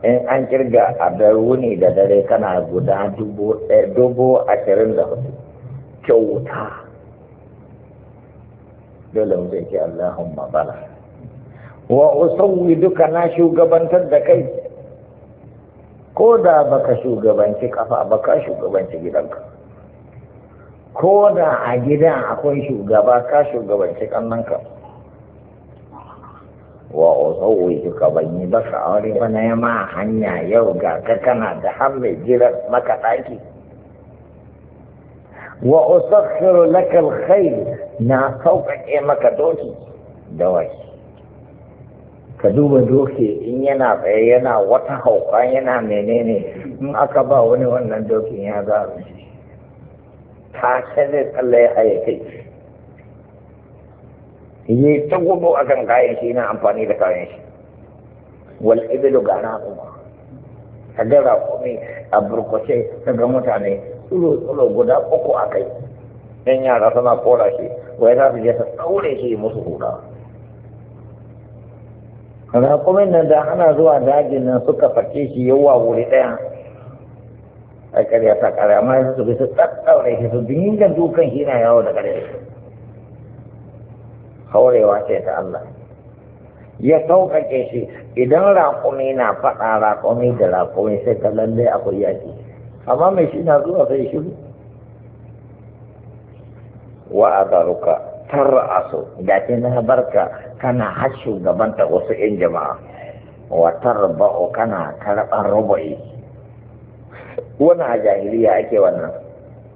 in an kirga a da wuni da dare kana guda eh, dubu ashirin da hudu kyauta dole mu zai ce Allahumma bala wa usawwi duka na shugabantar da kai ko da baka shugabanci kafa baka shugabanci gidanka ko da a gida akwai shugaba ka shugabanci kannanka wa uzawwijuka ban yi baka aure ba na yama hanya yau ga ka kana da har mai jiran maka ɗaki wa usakhiru laka alkhair na sauƙaƙe maka doki da wai ka duba doki in yana tsaye yana wata hauka yana menene in aka ba wani wannan dokin ya zaɓi ta shi ne tsalle a yi ta gudu a kan kayan shi yana amfani da kayan shi wal ibilu ga raƙuma ka ga raƙumi a burkushe ka ga mutane tsulo-tsulo guda uku a kai yan yara suna kora shi wai za su je su ɗaure shi musu hura raƙumin nan da ana zuwa dajin nan suka fake shi yawa wuri ɗaya a ƙarya ta ƙarya amma su bi su ɗaɗɗaure shi su dinga dukan shi na yawo da ƙarya kaurewa ce ta Allah ya sauƙaƙe shi idan raƙumi na faɗa raƙumi da raƙumi sai ka lalle akwai yaki. amma mai shi na zuwa sai shiru wa a zaruka so da ke na barka kana har shugabanta wasu 'yan jama'a wa tarba'u kana karɓar rubai wani a jahiliya ake wannan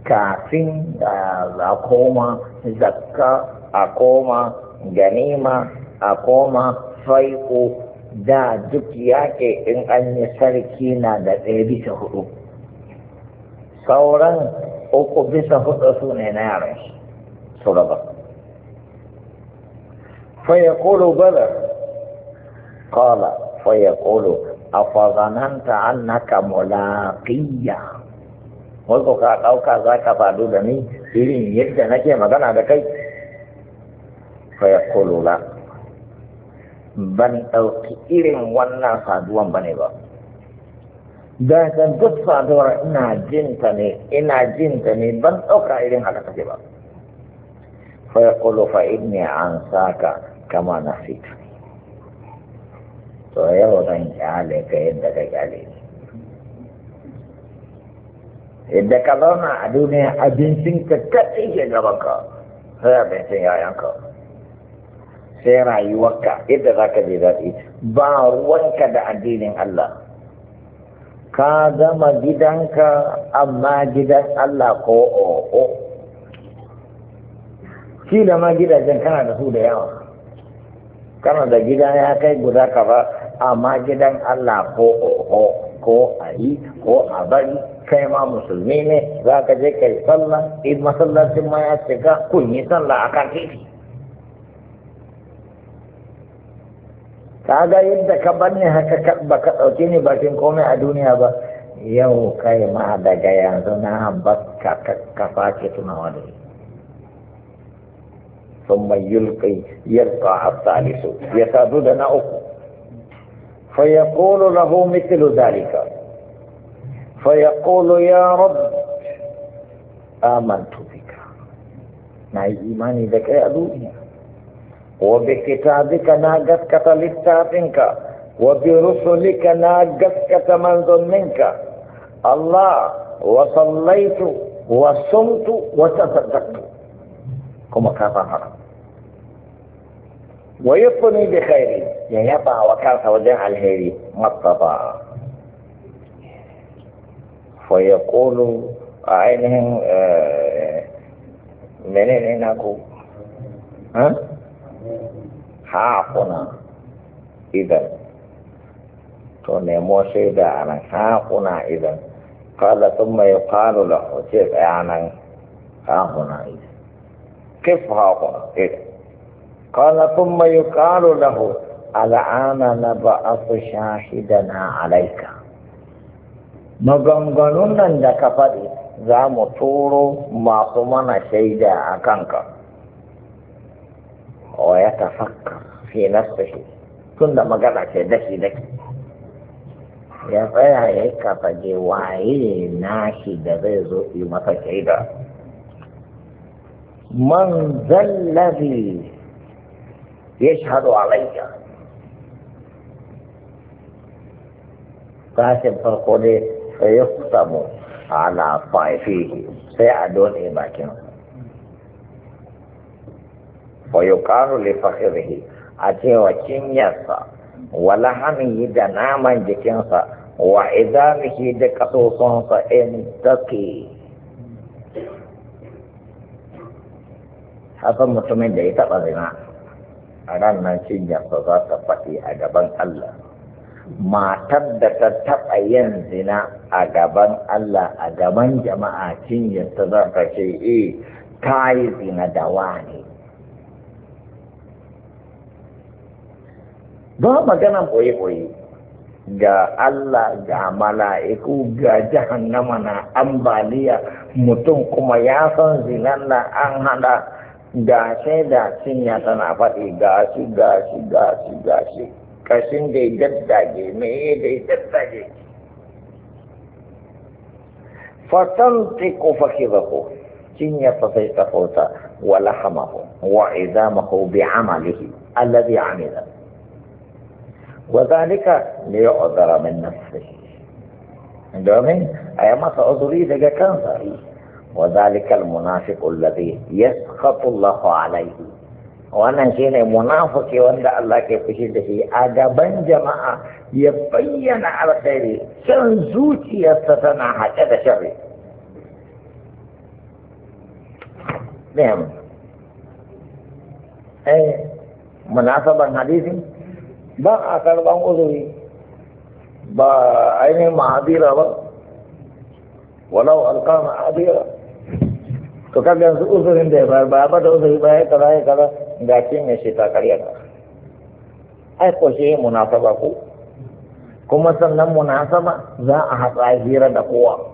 kafin ah, a koma zakka a koma ganima a koma faiko da duk yaƙi in an yi sarki na da ɗaya bisa hudu sauran uku bisa hudu su ne na yaran shi su raba kolo bala kala kolo a fazananta annaka mulaƙiyya wasu ka ɗauka za ka faɗo da ni irin yadda nake magana da kai fayaqulu la ban ɗauki irin wannan saduwan bane ba da kan duk saduwar ina jinta ne ina jinta ne ban ɗauka irin haka take ba fayaqulu fa inni an saka kama na fita, to yau zan kyale ka yadda ka kyale ni yadda ka zauna a duniya abincinka kaɗai ke gabanka sai abincin yayanka sai rayuwarka yadda za ka je daɗi ba ruwanka da addinin Allah ka zama gidanka amma gidan Allah ko o'o shi da ma gidajen kana da su da yawa kana da gida ya kai guda kafa amma gidan Allah ko o'o ko a yi ko a bari kai ma musulmi ne za ka je kai sallah in masallacin ma ya shiga kun yi sallah a kan titi ga yadda ka bar haka ba ka ɗauke ni bakin komai a duniya ba yau kai ma daga yanzu na baka ka sake tunawa da shi ثم يلقي يلقى الثالث يساددنا أخو فيقول له مثل ذلك فيقول يا Na yi imani da kai a duniya. وبكتابك ناقتك لكتابك وبرسلك ناقتك منذ منك الله وصليت وصمت وتصدقت كما كان حرام ويطني بخير يطع وكافة وجه الهيري ما استطاع فيقول عينهم آه، منين هناك ها ha kuna idan to nemo shaida a nan ha kuna idan kala sun mai kano da hoce tsayanan ha kuna idan kif ha kuna idan kala sun mai kano da hoce al'ana na su ba'afu na alaika maganganun nan da ka faɗi za mu turo masu mana shaida a kanka ويتفكر في نفسه كل ما قطع في نفسه ذاك يا فلا هيك فجي وعيل ناشي دغيزو يوم تشعيدا من ذا الذي يشهد عليك قاسم فرقوني فيختم على طائفيه سيعدون إباكينه wa yuqalu li fakhidhihi a cewa cinyarsa wa lahamihi da naman jikinsa wa idamihi da kasosonsa in take hasan mutumin da ya taɓa zina a ranar cinyarsa za ta faɗi a gaban Allah matar da ta taɓa yin zina a gaban Allah a gaban jama'a cinyarsa za ta ce eh ta yi zina da wani ba maganan boye-boye ga Allah ga mala'iku ga jahannama na ambaliya mutum kuma ya san zinan na an hada ga shaida cinya tana faɗi ga shi ga shi ga shi ga shi kashin da ya daddage mai da ya daddage fatan ba fakizahu cinya ta sai ta fauta wa lahamahu wa izamahu bi amalihi alladhi amila وذلك ليعذر من نفسه دومين اي ما تعذري لك كان وذلك المنافق الذي يسخط الله عليه وانا شين منافق وان الله كيف يشد في ادبا جماعه يبين على خير كان زوجي يستثنى هكذا شري نعم اي مناسبه حديثي ba a karban uzuri ba ainihin ma'adira ba walau alka ma'adira to kaga gansu uzurin da ya bayar ba ba da uzuri ba ya kara ya kara ga cin ya shi ta karya ka ai ko shi munasaba ko kuma sannan munasaba za a haɗa hira da kowa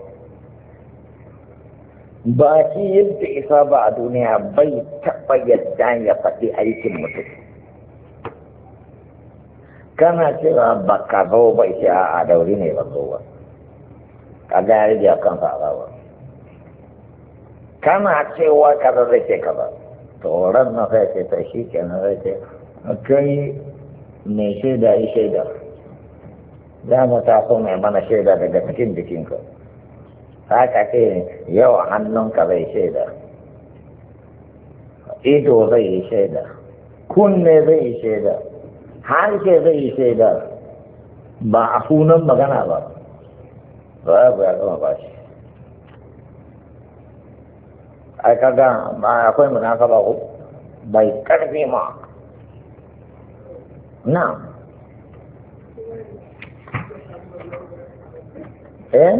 ba shi yadda isa ba a duniya bai taɓa yadda ya faɗi aikin mutum kana cewa ba ka zo ba ce a a dauri ne ba zo ba ka ga ya rage a kansa a zawa kana cewa ka zai ce ka ba to ran na sai ce ta shi ke na zai ce kai mai shaida yi shaida za mu taso mai mana shaida daga cikin jikinka haka ce yau hannunka zai shaida ido zai yi shaida kunne zai yi shaida harshe zai yi shaida ba a sunan magana ba ba ya gama ba shi ai kaga ba akwai ba ko bai karfi ma na eh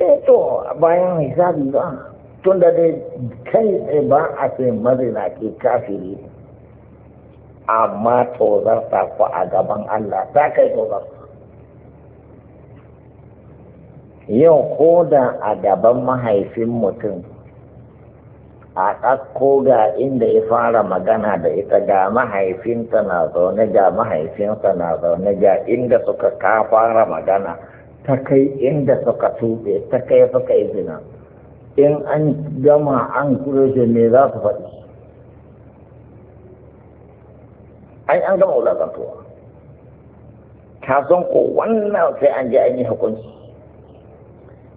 eh to bayan hisabi ba tun da dai kai ba a fi mazina ke kafiri amma ta ku a gaban Allah ta kai tozar yau ko da a gaban mahaifin mutum a ɗakko ga inda ya fara magana da ita ga mahaifinta na zaune ga mahaifinsa na zaune ga inda suka ka fara magana ta kai inda suka tuɓe ta kai suka izina. in an gama an kure shi me za su faɗi ai an gama wulaƙantowa ka san ko wannan sai an je an yi hukunci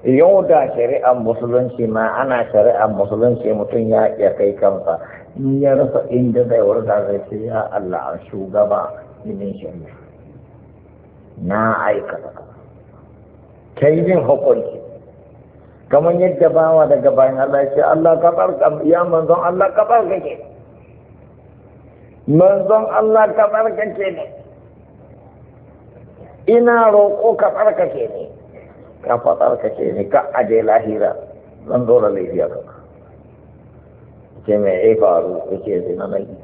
yau da shari'ar musulunci ma ana shari'ar musulunci mutum ya iya kai kansa in ya rasa inda zai warga zai ce ya Allah a shugaba inin shari'a na aikata kai yin hukunci kamar yadda wa daga bayan Allah ya ce Allah ka barka ya manzon Allah ka barka ke manzon Allah ka eh, barka ke ne ina roƙo ka barka ke ne ka fatar ka ke ne ka aje lahira zan dora lafiya ka ce mai ya faru yake zina na yi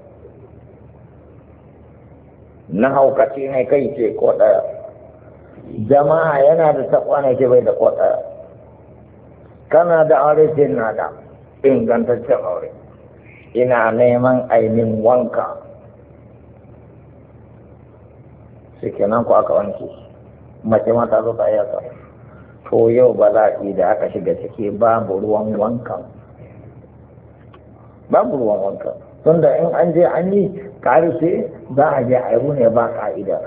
na haukaci ne kai ce ko ɗaya jama'a yana da taɓa ne ke bai da ko ɗaya kana da aure ce na da ingantaccen aure ina neman ainihin wanka su kenan ku aka wanke mace mata zo ta yasa to yau ba bala'i da aka shiga ciki babu ruwan wankan babu ruwan wankan tunda in an je an yi karfe za a je a ne ba ka'ida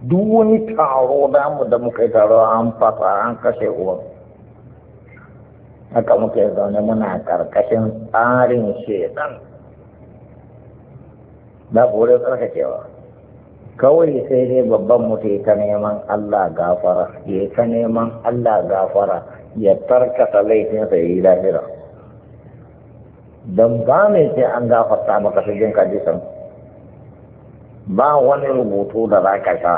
duk wani taro damu da muka yi taro an fasa an kashe uwan haka muke zaune muna karkashin tsarin shedan babu wurin tsarkakewa kawai sai dai babban mutu ta neman Allah gafara ya ta neman Allah gafara ya tarkata laifinsa ya yi lahira don ba mai sai an gafarta maka su jin kajisan ba wani rubutu da za ka sha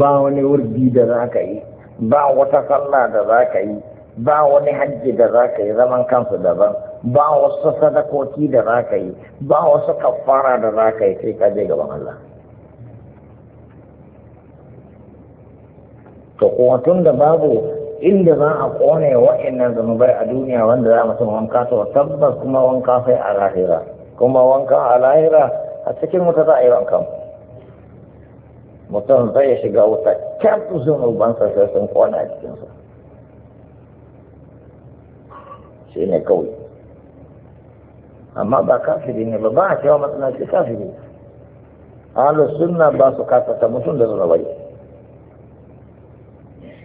ba wani wurdi da za ka yi ba wata sallah da za ka yi ba wani hajji da za ka yi zaman kansu daban ba wasu sadakoki da za ka yi ba wasu kafara da za ka yi sai ka je gaban Allah to kuma tun da babu inda za a kone wa'annan zanubai a duniya wanda za mutum wanka to tabbas kuma wanka sai a lahira kuma wanka a lahira a cikin wuta za a yi wankan mutum zai shiga wuta kyaf zunubansa sai sun kona a cikinsa shi ne kawai amma ba kafiri ne ba ba a cewa shi kafiri ahlus sunna ba su kafata mutum da zurabai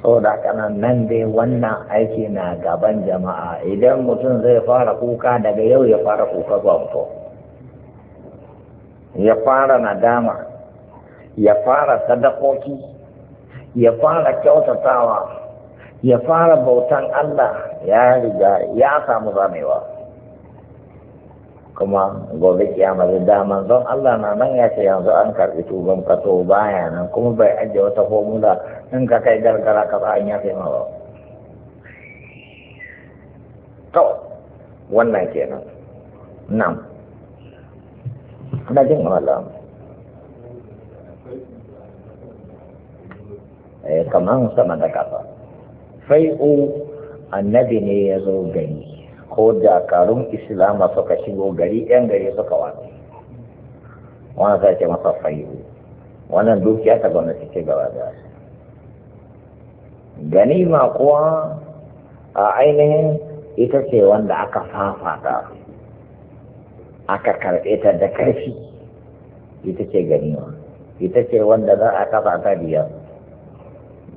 saboda haka nan dai wannan aiki na gaban jama'a idan mutum zai fara kuka daga yau ya fara kuka ba mutum ya fara nadama ya fara sadakoki ya fara kyautatawa ya fara bautan Allah ya riga ya samu zamewa kuma gobe kiyama da dama don Allah na nan ya ce yanzu an karɓi tuban baya nan kuma bai ajiye wata formula in ka kai gargara ka ba an ya kai mawa to wannan kenan nan na jin wala eh kaman sama da kafa fai'u annabi ne ya zo gari ko karun islama suka shigo gari yan gari suka wata wani sa ce masa fai'u wannan dukiya ta gwamnati ce gaba da ma kuwa a ainihin ita ce wanda aka fafata aka karɓe ta da ƙarfi ita ce ma ita ce wanda za a kafa ta biyar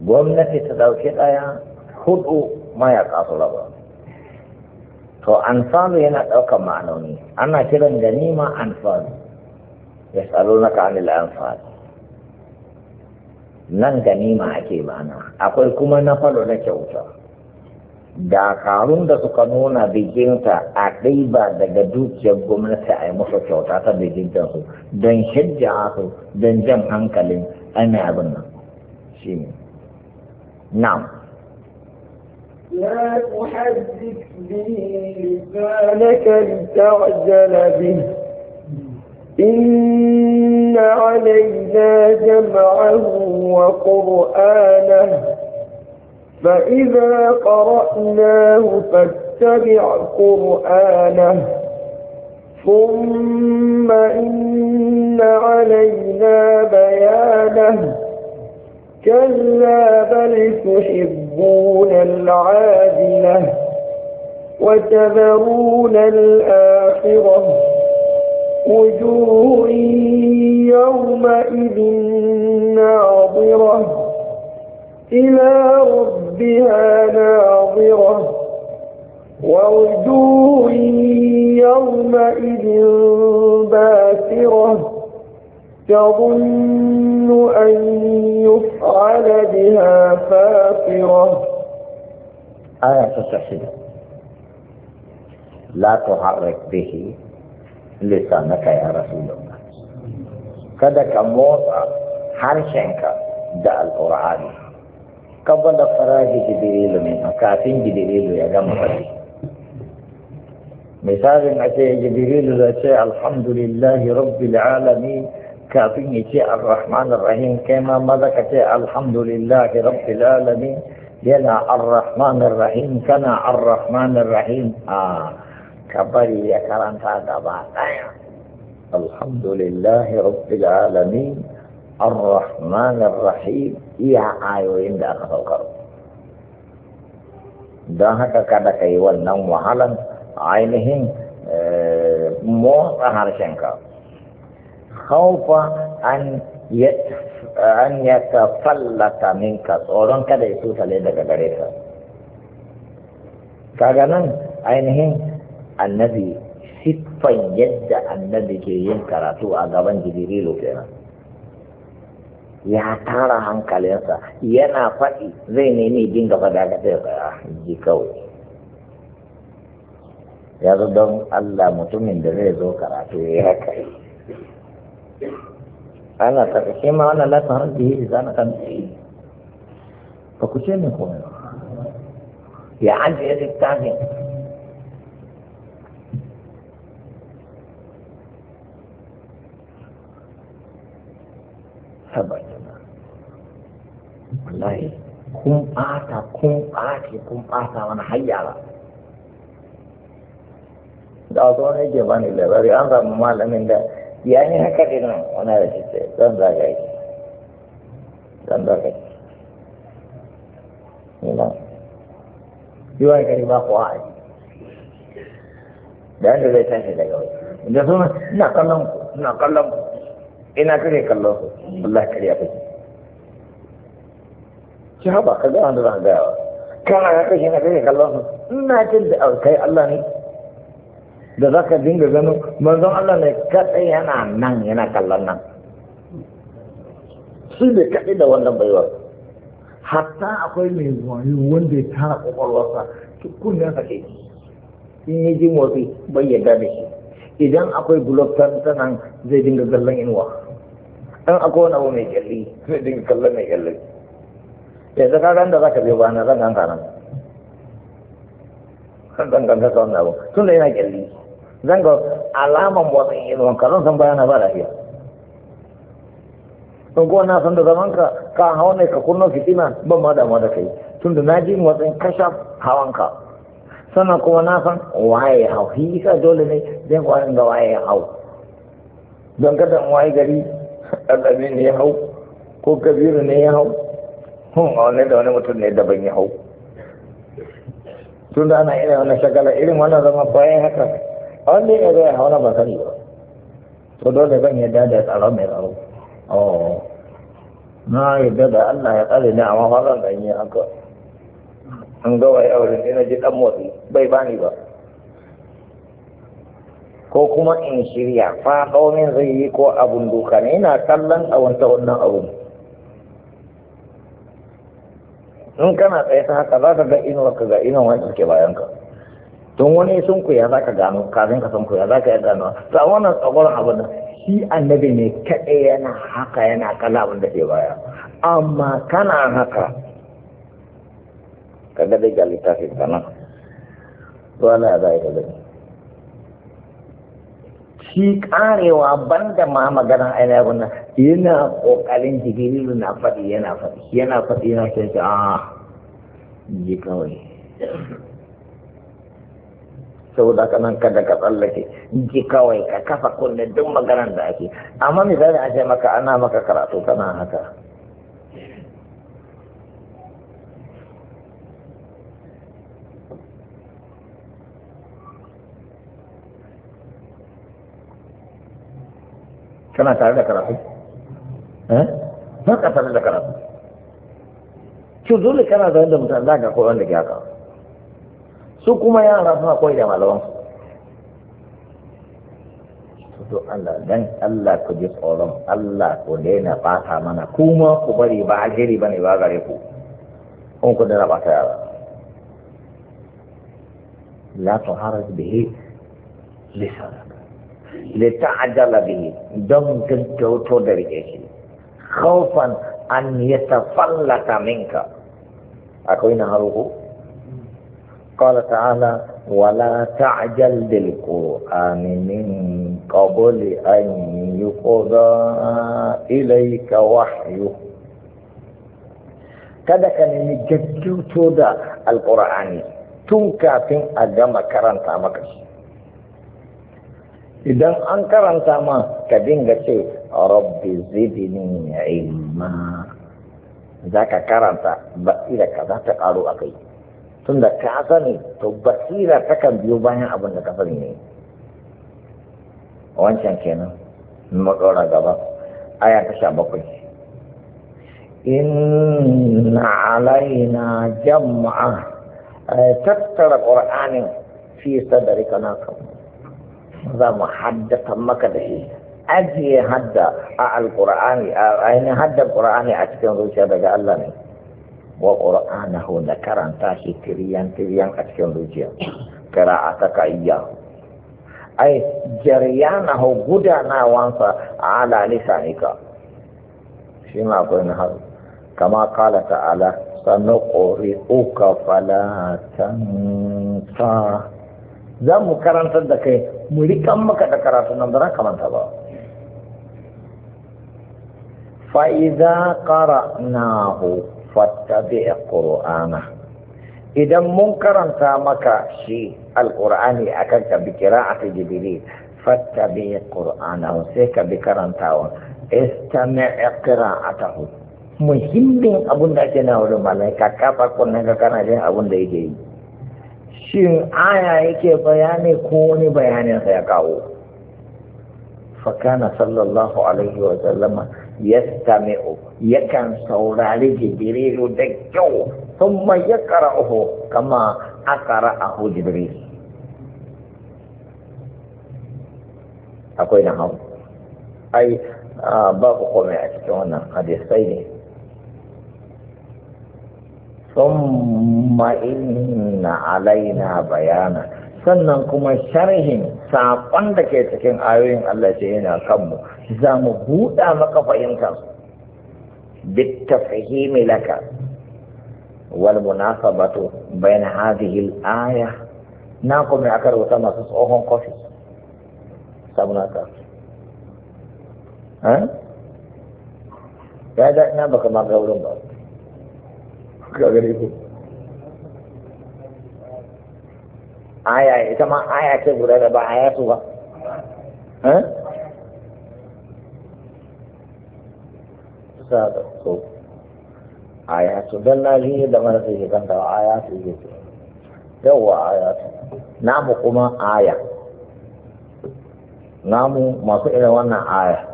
gwamnati ta ɗauki ɗaya hudu mayaka su raba to anfanu yana ɗaukar ma'anoni ana kiran ganima anfanu ya tsaro na kanil anfanu nan ganima ake ma'ana, akwai kuma na falo na kyauta dakarun da suka nuna bijinta a ɗaiba daga dukiyar gwamnati a yi musu kyauta ta su don shajja su don jan hankalin ana abin nan shi ne na'am لا تحرك به لسانك لتعجل به إن علينا جمعه وقرآنه فإذا قرأناه فاتبع قرآنه ثم إن علينا بيانه كلا بل تحب تحبون العاجلة وتذرون الآخرة وجوه يومئذ ناظرة إلى ربها ناظرة ووجوه يومئذ باسرة تظن أن يفعل بها فاقرة آية التحسين لا تحرك به لسانك يا رسول الله kada ka motsa harshenka da alƙur'ani kabban da faraji jibrilu ne kafin jibrilu ya gama fari misalin a ce jibrilu da ce alhamdulillahi rabbil alamin كافين شيء الرحمن الرحيم كما ملكت الحمد لله رب العالمين ينا الرحمن الرحيم كنا الرحمن الرحيم آه كبري يا كرم كلام الحمد لله رب العالمين الرحمن الرحيم يا آيو إن دخل القرب دهك كذا كي والنوم وحالا عينهم آه، مو أهارشنكا khawfa an an ya tafallata minka tsoron kada ya tutale daga gare ka kaga nan ainihin annabi siffan yadda annabi ke yin karatu a gaban jibrilu kenan ya tara hankalinsa yana faɗi zai nemi jin gaba da ji kawai ya don allah mutumin da zai zo karatu ya kai ana ta kashe ma ana la ta harbi yi zana kan ba ku ce min komai ya ajiye littafin sabai wallahi kun ɓata kun ɓace kun ɓata wani hayyara da wasu wani yake bani labari an samu malamin da ya yi haka dinan wani da shi ce zan zagaye zan zagaye ina yiwa gari ba kuwa a da yadda zai tashi daga wai da suna ina kallon ku ina kallon ku ina kare kallon ku Allah kare ya fi ki haba ka ga wanda zan gaya wa kana ya kashe na kare kallon ku ina jin da kai Allah ne da za ka dinga ganin manzon Allah ne kaɗai yana nan yana kallon nan shi ne kaɗai da wannan baiwar hatta akwai mai wani wanda ya tara ƙwaƙwalwarsa kunnen sa ke in yi ji motsi bai yarda da shi idan akwai gulob ta nan zai dinga kallon inuwa dan akwai wani abu mai kyalli zai dinga kallon mai kyalli yanzu ka ran da za ka biyo bayan zan ganka nan kan ɗan ɗan kasa wannan abu tun da yana kyalli zan ga alaman wasu inuwan ka zan san bayana ba lafiya in kuwa na san da zaman ka ka hawa ne ka kunno fitina ban ma damuwa da kai tun da na ji watsin kasha ka sannan kuma na san waye hau shi isa dole ne zan kwanin ga waye hau don kada in waye gari ɗanɗami ne ya hau ko kabiru ne ya hau hun hmm, a wani da wani mutum ne daban ya hau tun da ana irin wani shagala irin wannan zama bayan haka wanda ya zai haura ba sani ba to dole zan yi da tsaro mai tsaro oh na yadda da Allah ya tsare ni amma fara da yi haka an ga wai wurin ina ji dan motsi bai bani ba ko kuma in shirya fa kaunin zai yi ko abun duka ne ina kallon a wanta wannan abun in kana tsaye ta haka za ka ga inuwa ka ga inuwa wani ke bayan ka don wani sun ku ya ka gano kafin ka san ku ya ka yadda gano ta wannan tsagoron abu nan shi annabi ne kaɗe yana haka yana kala abin da ke baya amma kana haka ka gada ga littafin kana nan wala za ka gani shi karewa banda ma maganar ainihin abin nan yana ƙoƙarin jibirilu na faɗi yana faɗi yana faɗi yana sai a kawai saboda haka nan kada ka tsallake ji kawai ka kafa kunne duk maganar da ake amma misali a ce maka ana maka karatu kana haka kana tare da karatu eh ba ka tare da karatu to dole kana zaune da mutane da ga koyon da ke haka su kuma yara suna koyi da malaman su to Allah dan Allah ku ji tsoron Allah ku daina fata mana kuma ku bari ba ajiri bane ba gare ku kun ku daina fata yara la haraj bihi ajala bihi don دم تنتو da rike shi خوفا an yatafallata minka akwai na haruku قال تعالى ولا تعجل بالقرآن من قبل أن يقضى إليك وحيه كذا كان يجدد القرآن تنكا في أجام كرانتا مكش إذا أنكرن تاما كدين قتي رب زدني علما ذاك كرنتا بقيلك ذاك أرو أقيم tunda ka sani to basira takan biyo bayan abin da ka sani ne wancan kenan mu dora gaba aya ta sha bakwai Inna alaina jama'a, tattara ƙur'anin fi kana naka za mu haddata maka da shi ajiye hadda a alƙur'ani a ainihin hadda ƙur'ani a cikin zuciya daga Allah ne wa ƙura'anahu da karanta shi tiriyan-tiriyan a cikin zuciya ƙira'ata ka iya ai jaryanahu gudanawansa a ala lisanika shi ma akwai na haru kama kala ta'ala sannu ƙuri'uka falatanta za mu karantar da kai mu rikan maka da karatu nan da kamanta ba fa'iza ƙara'nahu fattabi qur'ana idan mun karanta maka shi alqur'ani akan ka bi qira'ati jibril fattabi qur'ana sai ka bi karantawa istami' qira'atahu muhimmin abun da ake na wurin ka kafa kunnen ga kana jin abun da yake yi shin aya yake bayani ko wani bayanin sa ya kawo fakana sallallahu alaihi wa sallama yastami'u yakan saurari jibrilu da kyau ya yaqra'uhu kama aqra'ahu jibril akwai na hau ai babu kome a cikin wannan hadisai ne thumma inna alaina bayana sannan kuma sharhin sakon da ke cikin ayoyin Allah ce yana kanmu za mu buɗa maka fahimtar bitta fahimi laka wal munasabatu bayan hadhihi al-aya na kuma aka rubuta masu tsohon kofi sabuna ka eh? ya da ina baka ma gaurin ba ga gare ku aya ita ma aya ce guda da ba aya su ba aya su don na ji da mara su ke kanta aya su yi ce yawwa aya su namu kuma aya namu masu irin wannan aya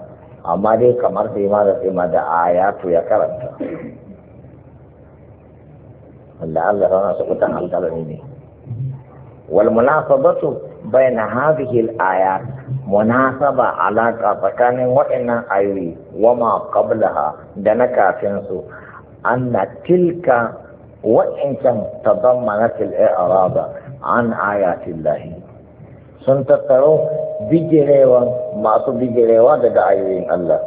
amma dai kamar sai ma da sai ma da aya su ya karanta Allah Allah rana su kutan alkalami ne walmunasabatu bayna hadhihi al-ayat munasaba alaƙa tsakanin waɗannan ayoyi wa ma da na kafin su anna tilka wa'incan tadammanat al-i'rada an ayati Allah sun tattaro bigirewa masu bigirewa daga ayoyin Allah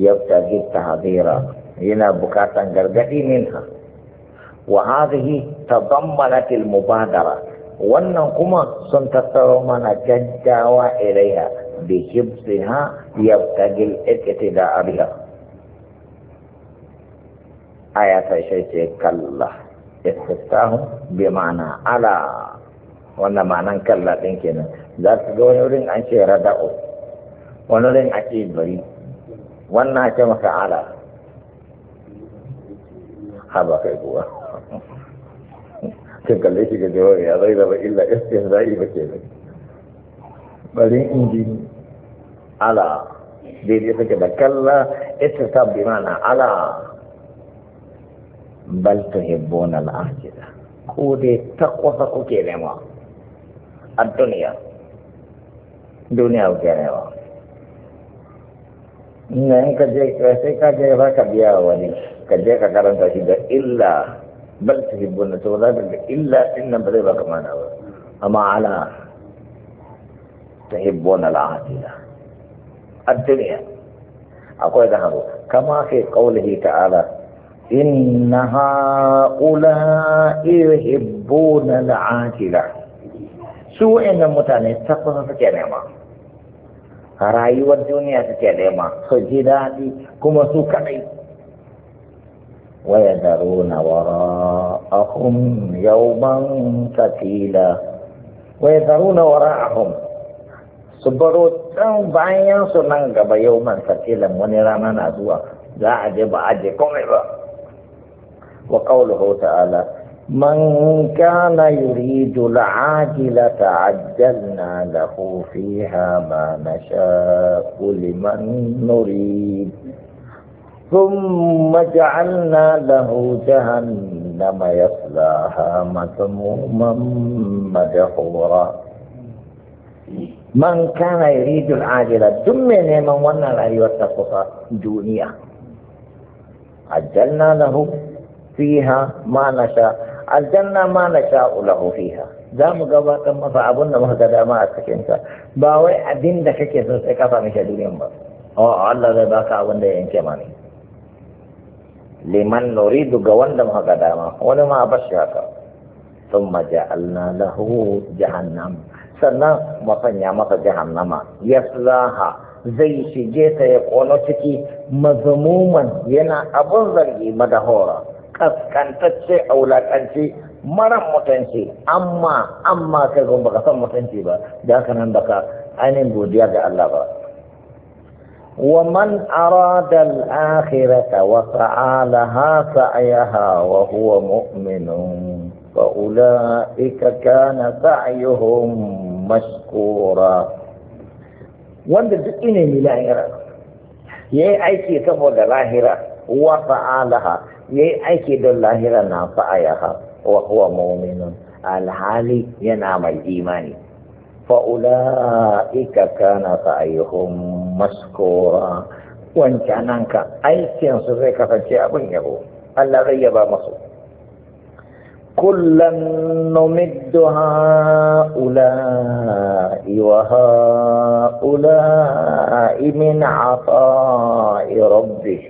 yabta gitta hadira yana bukatan gargadi minha وهذه تضمنت المبادرة wannan kuma sun tattaro mana gaggawa ilaiha bi hibsiha yabtagil iktida abiha aya ta ce kalla istahu bi ma'ana ala wannan ma'anan kalla din kenan za su ga wani wurin an ce rada'u wani wurin a ce bari wannan ake maka ala haba kai buwa sai kalle shi ga jawabi ya zai zama illa istin zai ba ke nan bari injini ala daidai suke da kalla istisab bi mana ala bal ta tuhibbuna al-akhirah ko dai ta takwasa kuke nema a duniya duniya kuke nema in ka je sai ka je ka biya wani ka je ka karanta shi da illa bal tuhibbuna to za ka ga illa din nan ba zai baka mana ba amma ala tuhibbuna al-ajila ad-dunya akwai da haro kama fi qawlihi ta'ala inna ha'ula'i yuhibbuna al-ajila su wa'annan mutane takwasa suke nema rayuwar duniya suke nema su ji daɗi kuma su kaɗai ويذرون وراءهم يوما ثقيلا ويذرون وراءهم سبرو can bayan su nan gaba yau man sakilan wani rana na zuwa za a je ba aje je komai ba wa qawluhu ta'ala man kana yuridu al ta'ajjalna lahu fiha ma nasha'u liman nurid ثم جعلنا له جهنم يصلاها مسموما مدحورا من كان يريد العاجلة ثم نعم ونا لا يرتفق دنيا عجلنا له فيها ما نشاء عجلنا ما نشاء له فيها ذا مقابلة ما فعبنا ما هذا ما أتكلم باوي أدين دكك يسوس إكافا مش الدنيا ما أو الله ذا باكا عبنا ينكماني يعني liman nuridu ga wanda muka dama wani ma bashi haka thumma ja'alna lahu jahannam sannan masanya masa jahannama yaslaha zai shige ta ya kono ciki mazmuman yana abun zargi madahora kaskantacce a wulakanci maran mutunci amma amma kai gun baka san mutunci ba da haka nan baka ainihin godiya ga Allah ba ومن أراد الآخرة وسعى لها سعيها وهو مؤمن فأولئك كان سعيهم مشكورا wanda duk ina ne lahira ya yi aiki saboda lahira wa fa'alaha ya yi aiki don lahira na fa'ayaha wa alhali yana mai imani فأولئك كان سعيهم مشكورا وان كان انك اي كان سوزيك فانشي ابن يبو الله غيب مصر كلا نمد هؤلاء وهؤلاء من عطاء ربه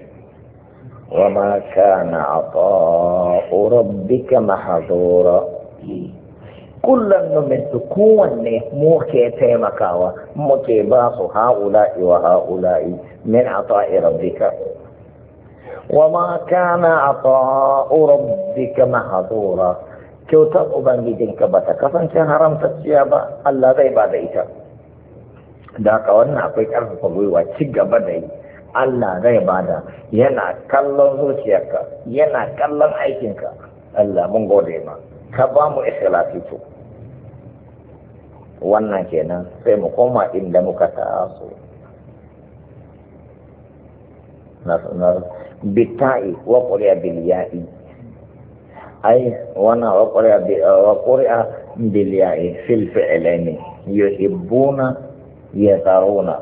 وما كان عطاء ربك محظورا kullum numintu kowanne muke taimakawa muke ba su ha'ula'i wa ha'ula'i min ata'i rabbika wa ma kana ata'u rabbika mahdura kyautar ubangijinka ba ta kasance haramtacciya ba Allah zai ba da ita da haka wannan akwai ƙarfafa gwiwa ci gaba da yi Allah zai bada yana kallon zuciyarka yana kallon aikinka Allah mun gode ma ka ba mu ikhlasi to wannan kenan sai mu koma inda muka taso nasanar bitai wa quriya bil ya'i ay wana wa quriya bi wa quriya bil ya'i fil fi'laini yuhibbuna yataruna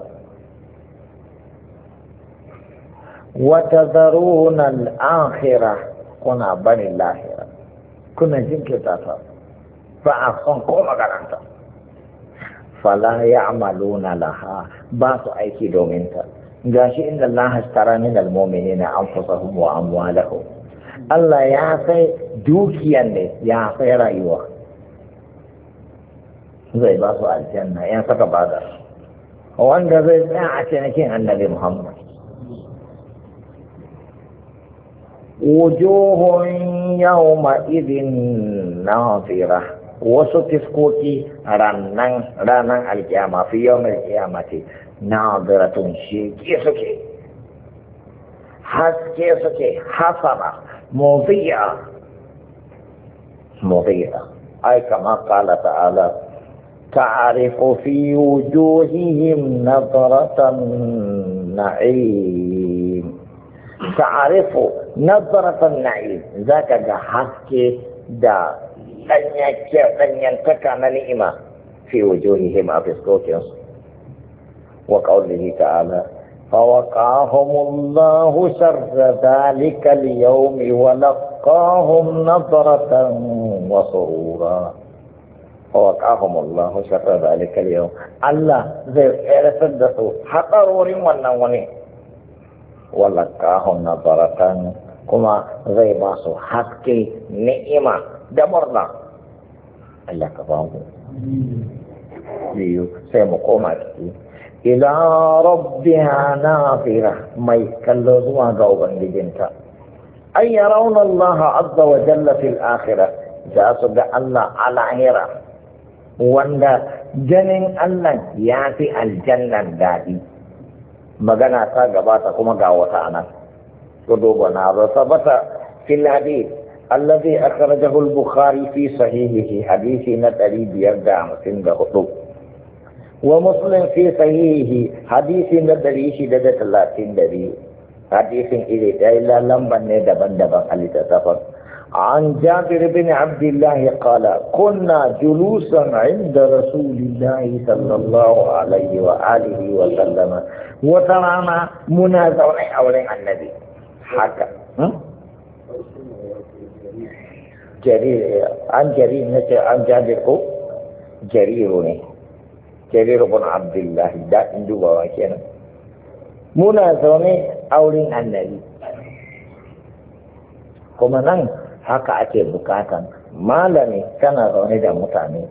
wa tadharuna al akhirah kuna bani lahir kuna jinkirta ta ba a son ko makaranta fala ya na laha ba su aiki domin ta gashi inda Allah hashtara min almu'minina anfusahum wa amwalahum Allah ya sai dukiyan ne ya sai rayuwa zai ba su aljanna ya saka bada wanda zai tsaya a cinikin annabi Muhammad وجوه يومئذ ناظرة وستفكوتي رنن رنن القيامة في يوم القيامة ناظرة شيكي سكي حسكي سكي حسنة مضيئة مضيئة أي كما قال تعالى تعرف في وجوههم نظرة النعيم تعرف نظرة النعيم ذاك حسك دا أن ينتكى نعيمة في وجوههم في سكوتهم وقوله تعالى فوقاهم الله شر ذلك اليوم ولقاهم نظرة وسرورا فوقاهم الله شر ذلك اليوم الله زي ارسل إيه حقر حقرور ونوني ولقاهم نظرة كما زي باسو حكي نعمة دمرنا الله كفاهم biyu sai mu koma ciki ila rabbiha nazira mai kallo zuwa ga ubangijinta ay yarawna Allah azza wa jalla fil akhirah za su ga Allah a lahira wanda ganin Allah ya fi aljannan daɗi magana ta gabata kuma ga wata anan to dogo na ba sabata fil hadith alladhi akhrajahu al-bukhari fi sahihihi hadithi na 554 ومسلم في صحيحه حديث ندري شي da 32 hadisin iri ɗaya lamban ne daban-daban alita littattafan عن جابر بن عبد الله قال كنا جلوسا عند رسول الله صلى الله عليه وآله وسلم وترانا منازع حول النبي حكى جرير عن جرير عن جابر جرير جرير بن عبد الله دا اندوبا وكينا منازع حول النبي kuma nan haka ake bukatan malami kana zaune da mutane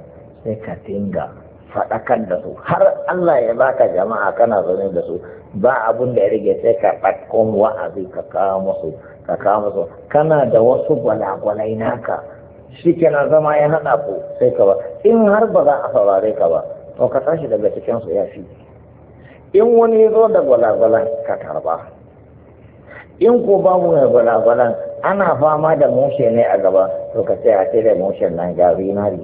sai ka dinga faɗakar da su har Allah ya baka jama'a kana zaune da su ba abun da ya rage sai ka ɗakkon wa'azi ka kawo musu ka kawo musu kana da wasu gwalagwalai naka shi kenan zama ya haɗa ku sai ka ba in har ba za a saurare ka ba to ka tashi daga cikin su ya fi in wani zo da gwalagwalan ka karba in ko babu mai balabalan ana fama da mushe ne a gaba to ka sai a cire na nan ga zinari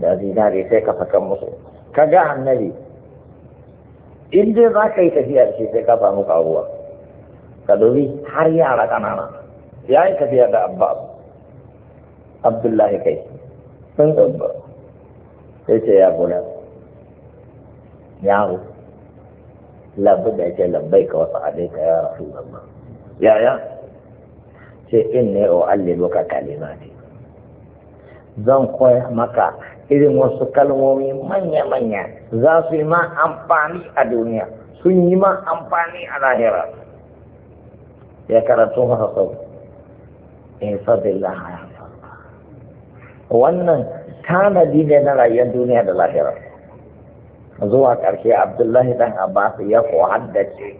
da zinari sai ka fakan musu ka ga annabi in dai za ka yi tafiya da shi sai ka samu karuwa ka dubi har yara ƙanana ya yi tafiya da abba abdullahi kai sun tabbar sai ce ya gula yaro labbai da yake labbai ka wasu alaika ya rasu zama yaya ce in ne o allilu ka kalimati zan koya maka irin wasu kalmomi manya-manya za su yi ma amfani a duniya sun yi ma amfani a lahira ya karatu masa sau in fadillah ya wannan tanadi ne na rayuwar duniya da lahira zuwa ƙarshe abdullahi dan abbas ya ko haddace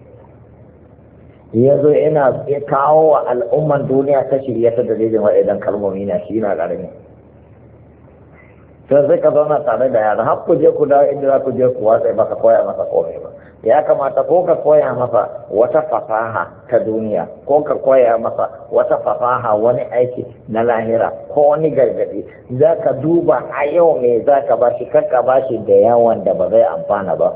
ya zo ina ya kawo wa al'umman duniya ta shirya ta dalilin wa'idan kalmomi na shi na ƙarami sai sai ka zauna tare da yara har ku je ku dawo inda za ku je ku watsa ba ka koya masa komai ba ya kamata ko ka koya masa wata fasaha ta duniya ko ka koya masa wata fasaha wani aiki na lahira ko wani gargadi za ka duba a yau me za ka ba shi ka ba shi da yawan da ba zai amfana ba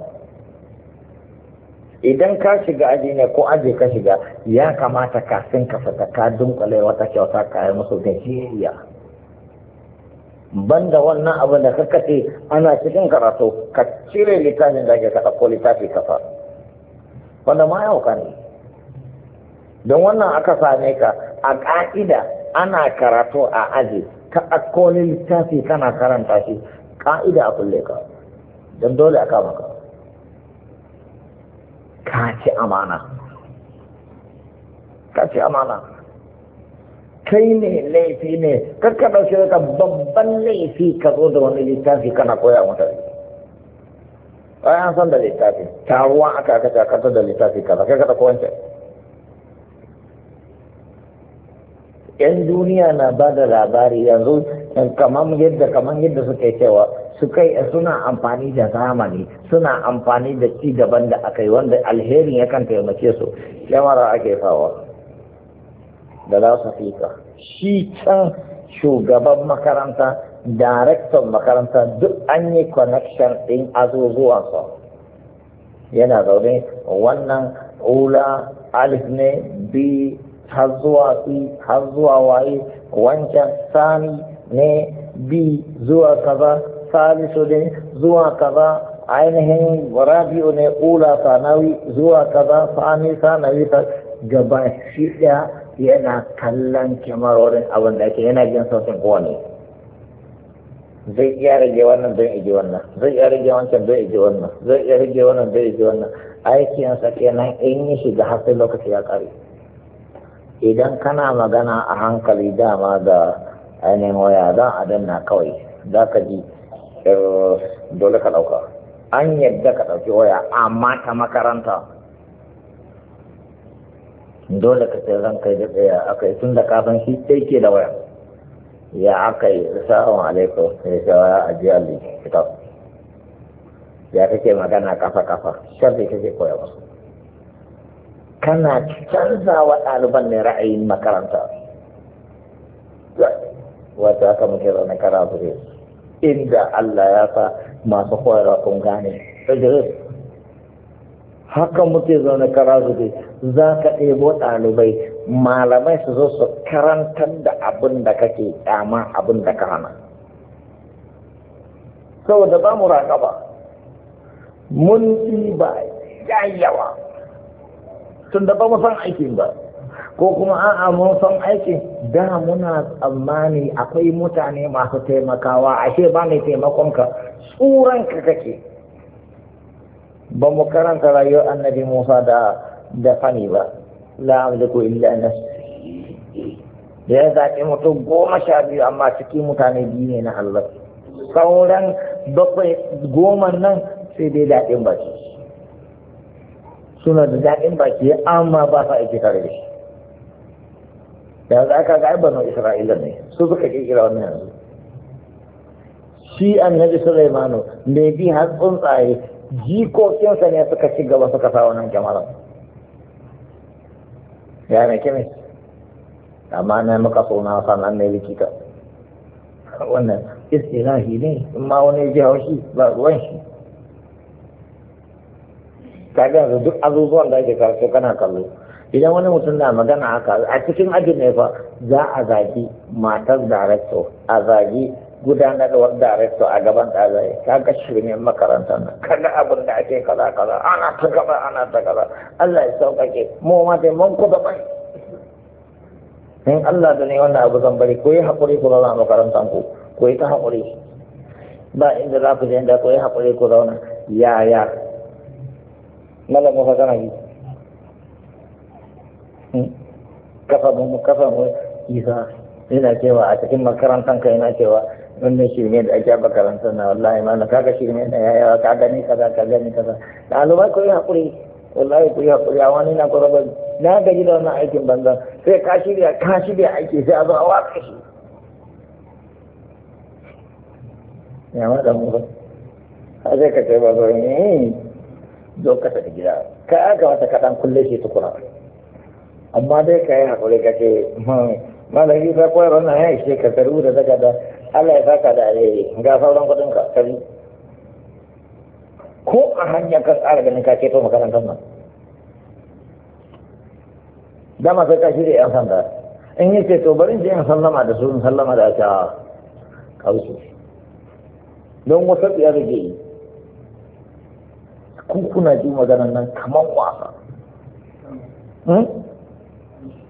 idan ka shiga aji ne ko aji ka shiga ya kamata ka kafin ka fita ka dunkule wata kyauta ka yi musu gajeriya banda wannan abin da kaka ce ana cikin karatu ka cire littafin da ke ka ɗauko littafi kafa wanda ma yau ka ne don wannan aka same ka a ƙa'ida ana karatu a aji ka ɗauko littafi kana karanta shi ƙa'ida a kulle ka don dole a kama ka ka ci amana ka ci amana kai ne laifi ne kakka shi ka babban laifi ka zo da wani littafi kana koya mutane bayan san da littafi ruwa aka aka karta da littafi kaza kai kada kowance yan duniya na ba da labari yanzu kamar yadda kamar yadda suka yi cewa su kai suna amfani da zamani suna amfani da ci daban da aka yi wanda alherin ya kan taimake su kyamara ake fawa da za su fi ka shi can shugaban makaranta director makaranta duk an yi connection ɗin azuzuwansa yana zaune wannan ula alif ne bi har zuwa fi e, har zuwa waye wancan sani ne bi zuwa kaza salisu ne zuwa kaza ainihin rabi'u ne ula sanawi zuwa kaza sani sanawi ta gaba shi ɗaya yana kallon kyamarorin abin da ake yana jin sautin kowane zai iya rage wannan zai ije wannan zai iya rage wancan zai ije wannan zai iya rage wannan zai ije wannan aikinsa kenan in yi shiga har sai lokaci ya kare idan kana magana a hankali dama da ainihin waya za a danna kawai za ka ji eh, dole ka ɗauka an yadda ka ɗauki waya amma ta makaranta dole ka sai zan kai daɗe ya aka yi tun da kafin shi sai ke da waya ya aka yi sa'on alaikau sai shawa a jiya kitab ya kake magana kafa kafa sharri ka koya wasu kana canza wa ɗaliban ne ra'ayin makaranta wata aka muke zaune karatu ne inda Allah ya sa masu koyarwa sun gane Idris haka muke zaune kara su ke, za ka ɗebo ɗalibai malamai su zo su karantar da abin da kake ƙyama abin da ka hana saboda ba mu raƙaba mun ba yawa tun da ba mu san aikin ba ko kuma a'a mun san aikin da muna tsammani akwai mutane masu taimakawa ashe ba mai taimakonka ka kake ba mu karanta rayuwar annabi Musa da da fani ba la amliku illa nafsi ya zaɓi mutum goma sha biyu amma cikin mutane biyu ne na Allah sauran bakwai goma nan sai dai daɗin baki suna da daɗin baki amma ba sa aiki tare da shi yanzu aka ga banu Isra'ila ne su suka kirkira wannan yanzu shi annabi Sulaimanu mai bi har tsuntsaye jikokinsa ne suka ci gaba suka sa wannan kyamarar ya mai kemis amma na maka suna sanan ne likita wannan istilahi ne in ma wani ji haushi ba ruwan shi kaga yanzu duk azuzuwan da ake karshe kana kallo idan wani mutum na magana haka a cikin ajin ne fa za a zagi matar darakto a zagi gudanarwar darekto a gaban ɗalibai kaga shirme makaranta na kaga abin da ake kaza kaza ana ta gaba ana ta gaba Allah ya sauƙaƙe mu ma dai mun kuɗa bai in Allah da ne wannan abu zan bari ko hakuri haƙuri ku zauna makarantan ku ko ta haƙuri ba inda za ku je inda ko yi haƙuri ku zauna ya ya malamu fa yi hmm? kafa mu kafa mu isa ina cewa a cikin makarantar ka ina cewa wannan shirme da ake makaranta na wallahi ma na kaga shirme na yaya ka gani kaza ka gani kaza ɗalibai ko yi haƙuri wallahi ku yi haƙuri a wani na kwarabar na gaji da wannan aikin banza sai ka shirya ka shirya aiki sai a zo a watsa shi ya ma da mu ba a zai ka ba zo ne eh, zo ka tafi gida ka aka wata kaɗan kulle shi tukura amma dai ka yi haƙuri ka ce hmm, malami ka koyar wannan ya ishe ka karu da daga da Allah ya saka da yi ga sauran kudin ka kari ko a hanya ka tsara ganin ka ceto makarantar nan dama sai ka shirya yan sanda in yi ce to barin jiyan in sallama da su in sallama da aka kauce don wasu tsiyar rage yi kuna ji maganan nan kamar wasa hmm?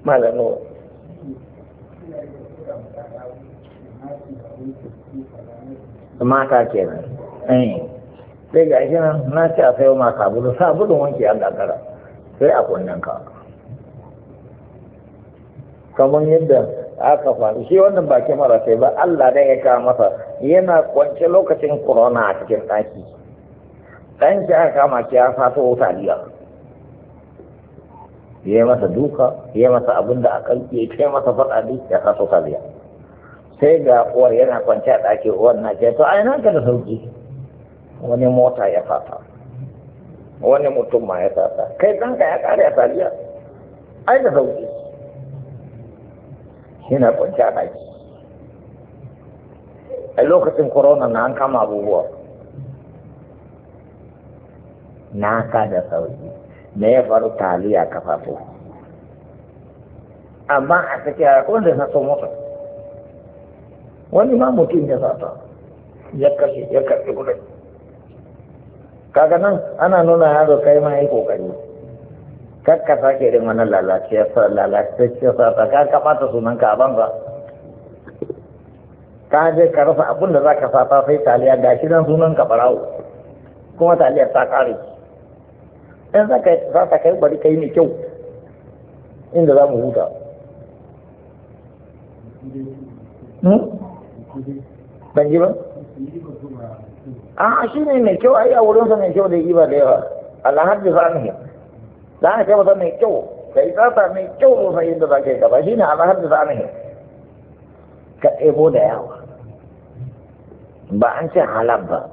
malamu mata kenan eh sai ga shi nan na ce a sayo ma sabulu sabulun wanke a gagara sai a kunnen ka kamar yadda aka faru shi wannan ba mara sai ba Allah dai ya kawo masa yana kwance lokacin korona a cikin ɗaki ɗan shi aka kama shi ya fato wuta liya ya yi masa duka ya yi masa abin da a kan ya yi masa faɗa ya fato wuta sai ga uwar yana kwanci a ɗaki uwar na ce to ai ka da sauki wani mota ya fata wani mutum ma ya fata kai ka ya kare a taliya ai da sauki yana kwanci a ɗaki a lokacin corona na an kama abubuwa na ka da sauki me ya faru taliya kafafu amma a cikin wanda na so mota wani ma mutum ya sata ya kashe ya karɓi kuɗi kaga nan ana nuna yaro kai ma yi kokari kakka ke irin wani lalaciyar lalaciyar sata ka kaɓata sunanka a banza ka je ka rasa abin da za ka sata sai taliya ga shi nan sunan ka barawo kuma taliyar ta kare in za ka kai bari kai ne kyau inda za mu huta hmm? banji ba a shi ne mai kyau ai a wurinsa mai kyau da yi ba da yawa alhaji sanihi za a kai mai kyau ka yi tsata mai kyau sosai yadda za ka yi gaba shi ne alhaji sanihi ka ɗebo da yawa ba an ce halal ba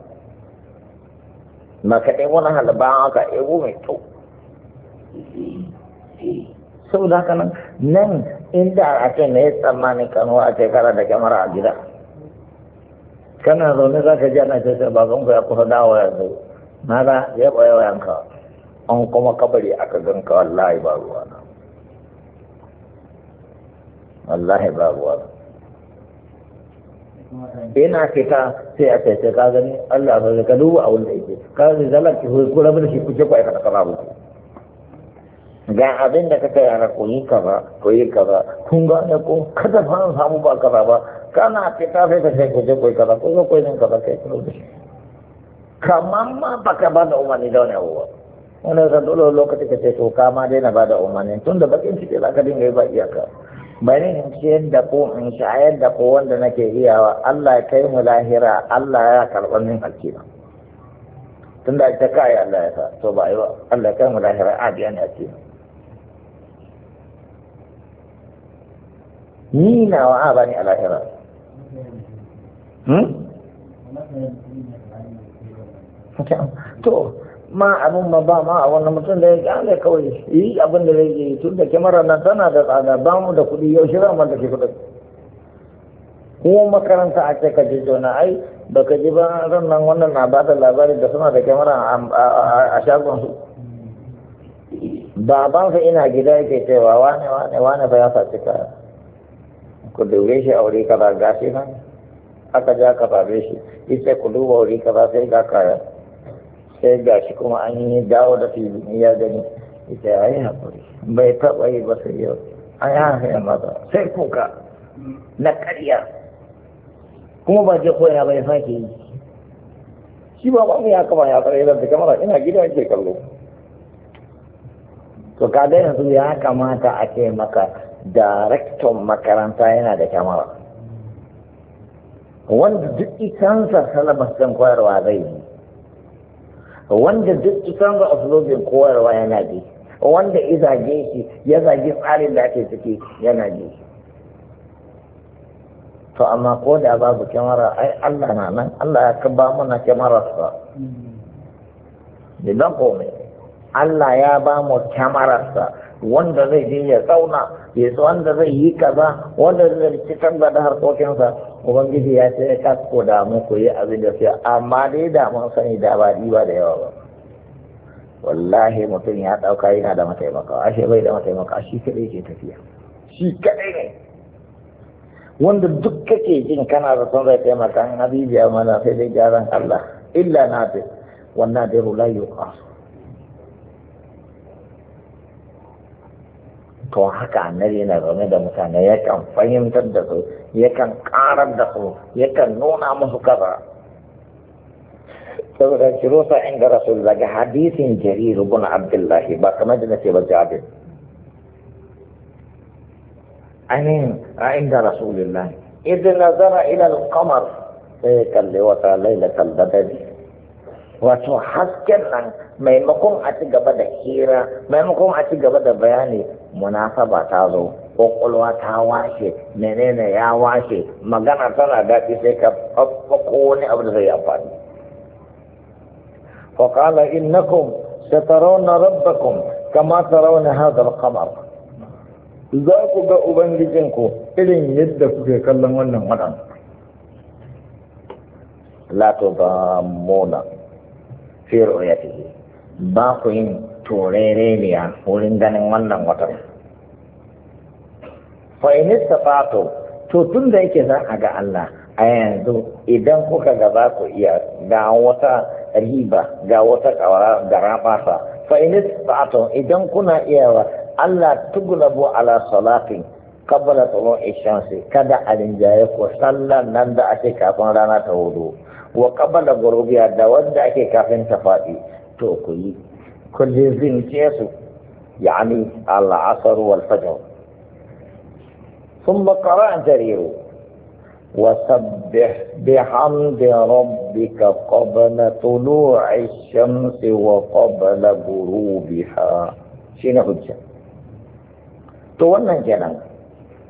ma ka ɗebo na halal ba ka ɗebo mai kyau saboda haka nan nan inda a ce ne tsammanin kanuwa a shekara da kyamara a gida kana zaune za ka ji ana ce baban ku ya kusa dawo yanzu na da ya ɓoye wayanka an kuma kabari aka ka wallahi ba ruwa na wallahi ba ruwa na ina fita sai a ce ka gani Allah ba ka duba a wanda yake ka zai zalar ki kura bar shi kuke ku aikata kaza ku ga abin da kaka yara koyi yi kaza koyi yi kaza kun gane ko kada fa samu ba kaza ba kana fita sai ka sai ku je ku kaza ko koyi ku kaza kai ku rubuta kamar ma baka ba da umarni da wani abubuwa wani yasa dole lokaci ka ce to ka ma na ba da umarni tun da bakin ciki za ka dinga yi ba iyaka bari in ciyar da ko in shayar da ko wanda nake iyawa Allah ya kai mu lahira Allah ya karɓar min hakima tunda ita kai Allah ya sa to ba yi ba Allah ya kai mu lahira a biya ne hakima ni na wa ba ni a lahira hmm? to ma abin ma ba ma a wannan mutum da ya gane kawai yi abin da zai yi tun da na nan tana da tsada ba mu da kuɗi yau shi ramar da ke kuɗin ko makaranta a ce ka je jona ai ba ka ji ba ran nan wannan na ba da labari da suna da kyamara a shagonsu babansa ina gida yake cewa wane wane wane ba ya sa kaya ku dore shi a wuri kaza shi nan aka ja ka babe shi ita ku duba wuri kaza sai ga kaya sai shi kuma an yi dawo da fi ya gani ita ya yi haƙuri bai taɓa yi ba sai yau an yi hankali maza sai kuka na ƙarya kuma ba je koya bai sake yi shi ba mamu ya kama ya tsara da kamar ina gida ke kallo to ka ga yanzu ya kamata a ce maka daraktan makaranta yana da kyamara wanda duk isansa salabar ɗin koyarwa zai yi wanda duk isansa usulobin koyarwa yana bi wanda izage shi ya zage tsarin da ake ciki yana bi to amma ko da babu kyamara ai Allah na nan Allah ya kaba mana kyamararsa hmm. idan komai Allah ya ba mu kyamararsa wanda zai je ya tsauna ya wanda zai yi kaza wanda zai cikin da harkokinsa ubangiji ya ce ka ko da mu ku yi abin da sai amma dai da mun sani da ba ba da yawa ba wallahi mutum ya dauka yana da mataimaka ashe bai da mataimaka shi kadai ke tafiya shi kadai ne wanda duk kake jin kana da son zai taimaka an habibiya mana sai dai gyaran Allah illa na wannan dai la yuqasu to haka annabi yana zaune da mutane yakan fahimtar da su yakan karar da su yakan nuna musu kaza saboda kiro sa inda rasul daga hadisin jarir ibn abdullahi ba kamar da nace ba jabir anin inda rasulullah idan nazara ila al-qamar sai kalli wata lailatul badr wato hasken nan maimakon a ci gaba da hira maimakon a ci gaba da bayani munasaba ta zo kwakwalwa ta washe menene ya washe magana tana daɗi sai ka faffako wani abu da zai amfani فقال Rabba سترون ربكم كما ترون hadar kamar? za ku ga Ubangijinku irin yadda kuke kallon wannan wadan. La ba mona, ba ku yin torere ne a wurin ganin wannan watan fa'inista fato to tun da yake zan a ga Allah a yanzu idan kuka ga za ku iya ga wata riba ga wata gara fasa fa'inista fato idan kuna iya wa Allah tugulabu ala salatin kabbala tsoron ishansu kada a rinjaye ko sallan nan da ake kafin rana ta hudu wa kabbala gurubiya da wanda ake kafin ta faɗi to ku yi كل زنجيس يعني العصر والفجر ثم قرأ جرير وسبح بحمد ربك قبل طلوع الشمس وقبل غروبها شنو حجة تولنا جنا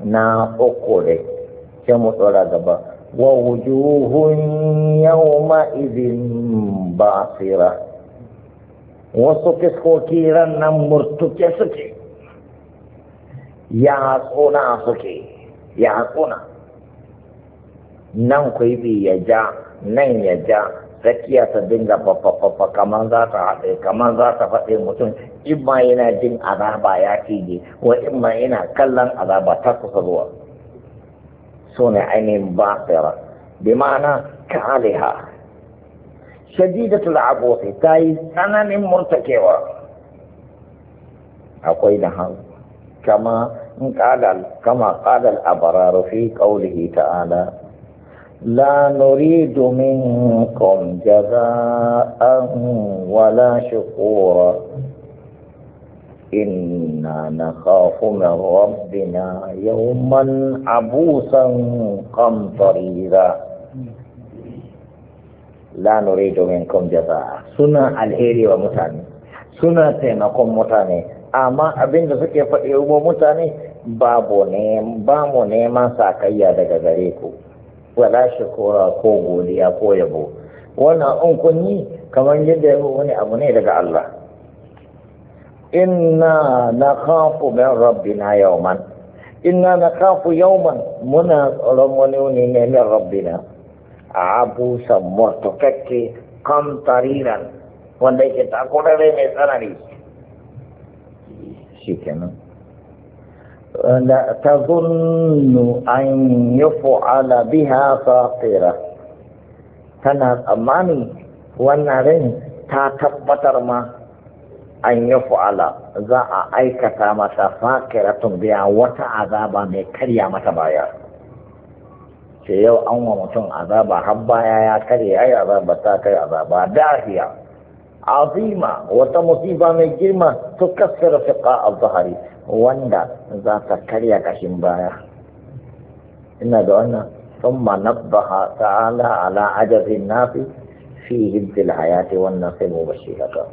نا أقول كم طلع ووجوه يومئذ باصره wasu fiskoki ran nan murtuke suke ya tsona suke ya tsona nan kwaibi ya ja nan ya ja tsakiya ta dinga fafafafa kamar za ta haɗe kamar za ta faɗe mutum in ma yana jin azaba ya ne wa in ma yana kallon azaba ta kusa zuwa su ne ainihin basira bi ma'ana ka aliha شديدة العبوط تاي سنن مرتكبة أقول لها كما قال كما قال الأبرار في قوله تعالى لا نريد منكم جزاء ولا شكورا إنا نخاف من ربنا يوما عبوسا قمطريرا la domin kan jaza suna alheri wa mutane suna taimakon mutane amma abin da suke faɗi wa mutane babu ne ba mu neman sakayya daga gare ku wala shukura ko godiya ko yabo wannan in kun yi kamar yadda ya wani abu ne daga Allah inna nakhafu min rabbina yawman inna yau yawman muna tsoron wani ne min rabbina a busa kan tariran, wanda yake takurare mai tsanani shi kenan ta zunnu an yi fu'ala biha faqira tana tsammani wannan rin ta tabbatar ma an yi fu'ala za a aikata mata fakiratun biya wata azaba mai karya mata baya ce yau an wa mutum azaba har baya ya kare ai azaba ta kai azaba dahiya azima wata musiba mai girma to kassara fiqa al-zahari wanda za ta karya kashin baya ina da wannan ثم نبه تعالى على عجز الناس فيهم في الحياة والنصب والشهادة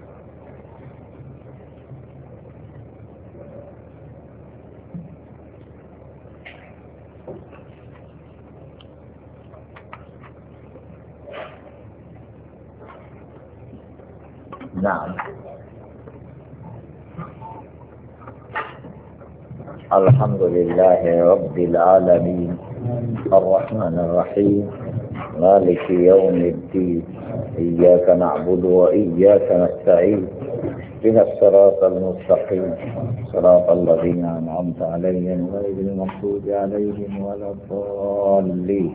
نعم الحمد لله رب العالمين الرحمن الرحيم مالك يوم الدين إياك نعبد وإياك نستعين بنا الصراط المستقيم صراط الذين أنعمت عليهم غير المغضوب عليهم ولا الضالين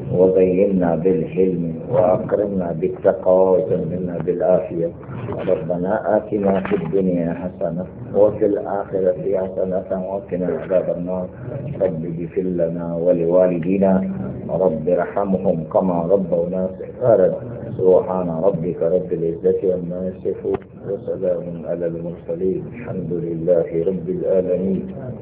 وبينا بالحلم وأكرمنا بالتقوى وجنبنا بالعافية ربنا آتنا في الدنيا حسنة وفي الآخرة حسنة وقنا عذاب النار رب اغفر لنا ولوالدينا رب ارحمهم كما ربونا صغارا سبحان ربك رب العزة عما يصفون وسلام على المرسلين الحمد لله رب العالمين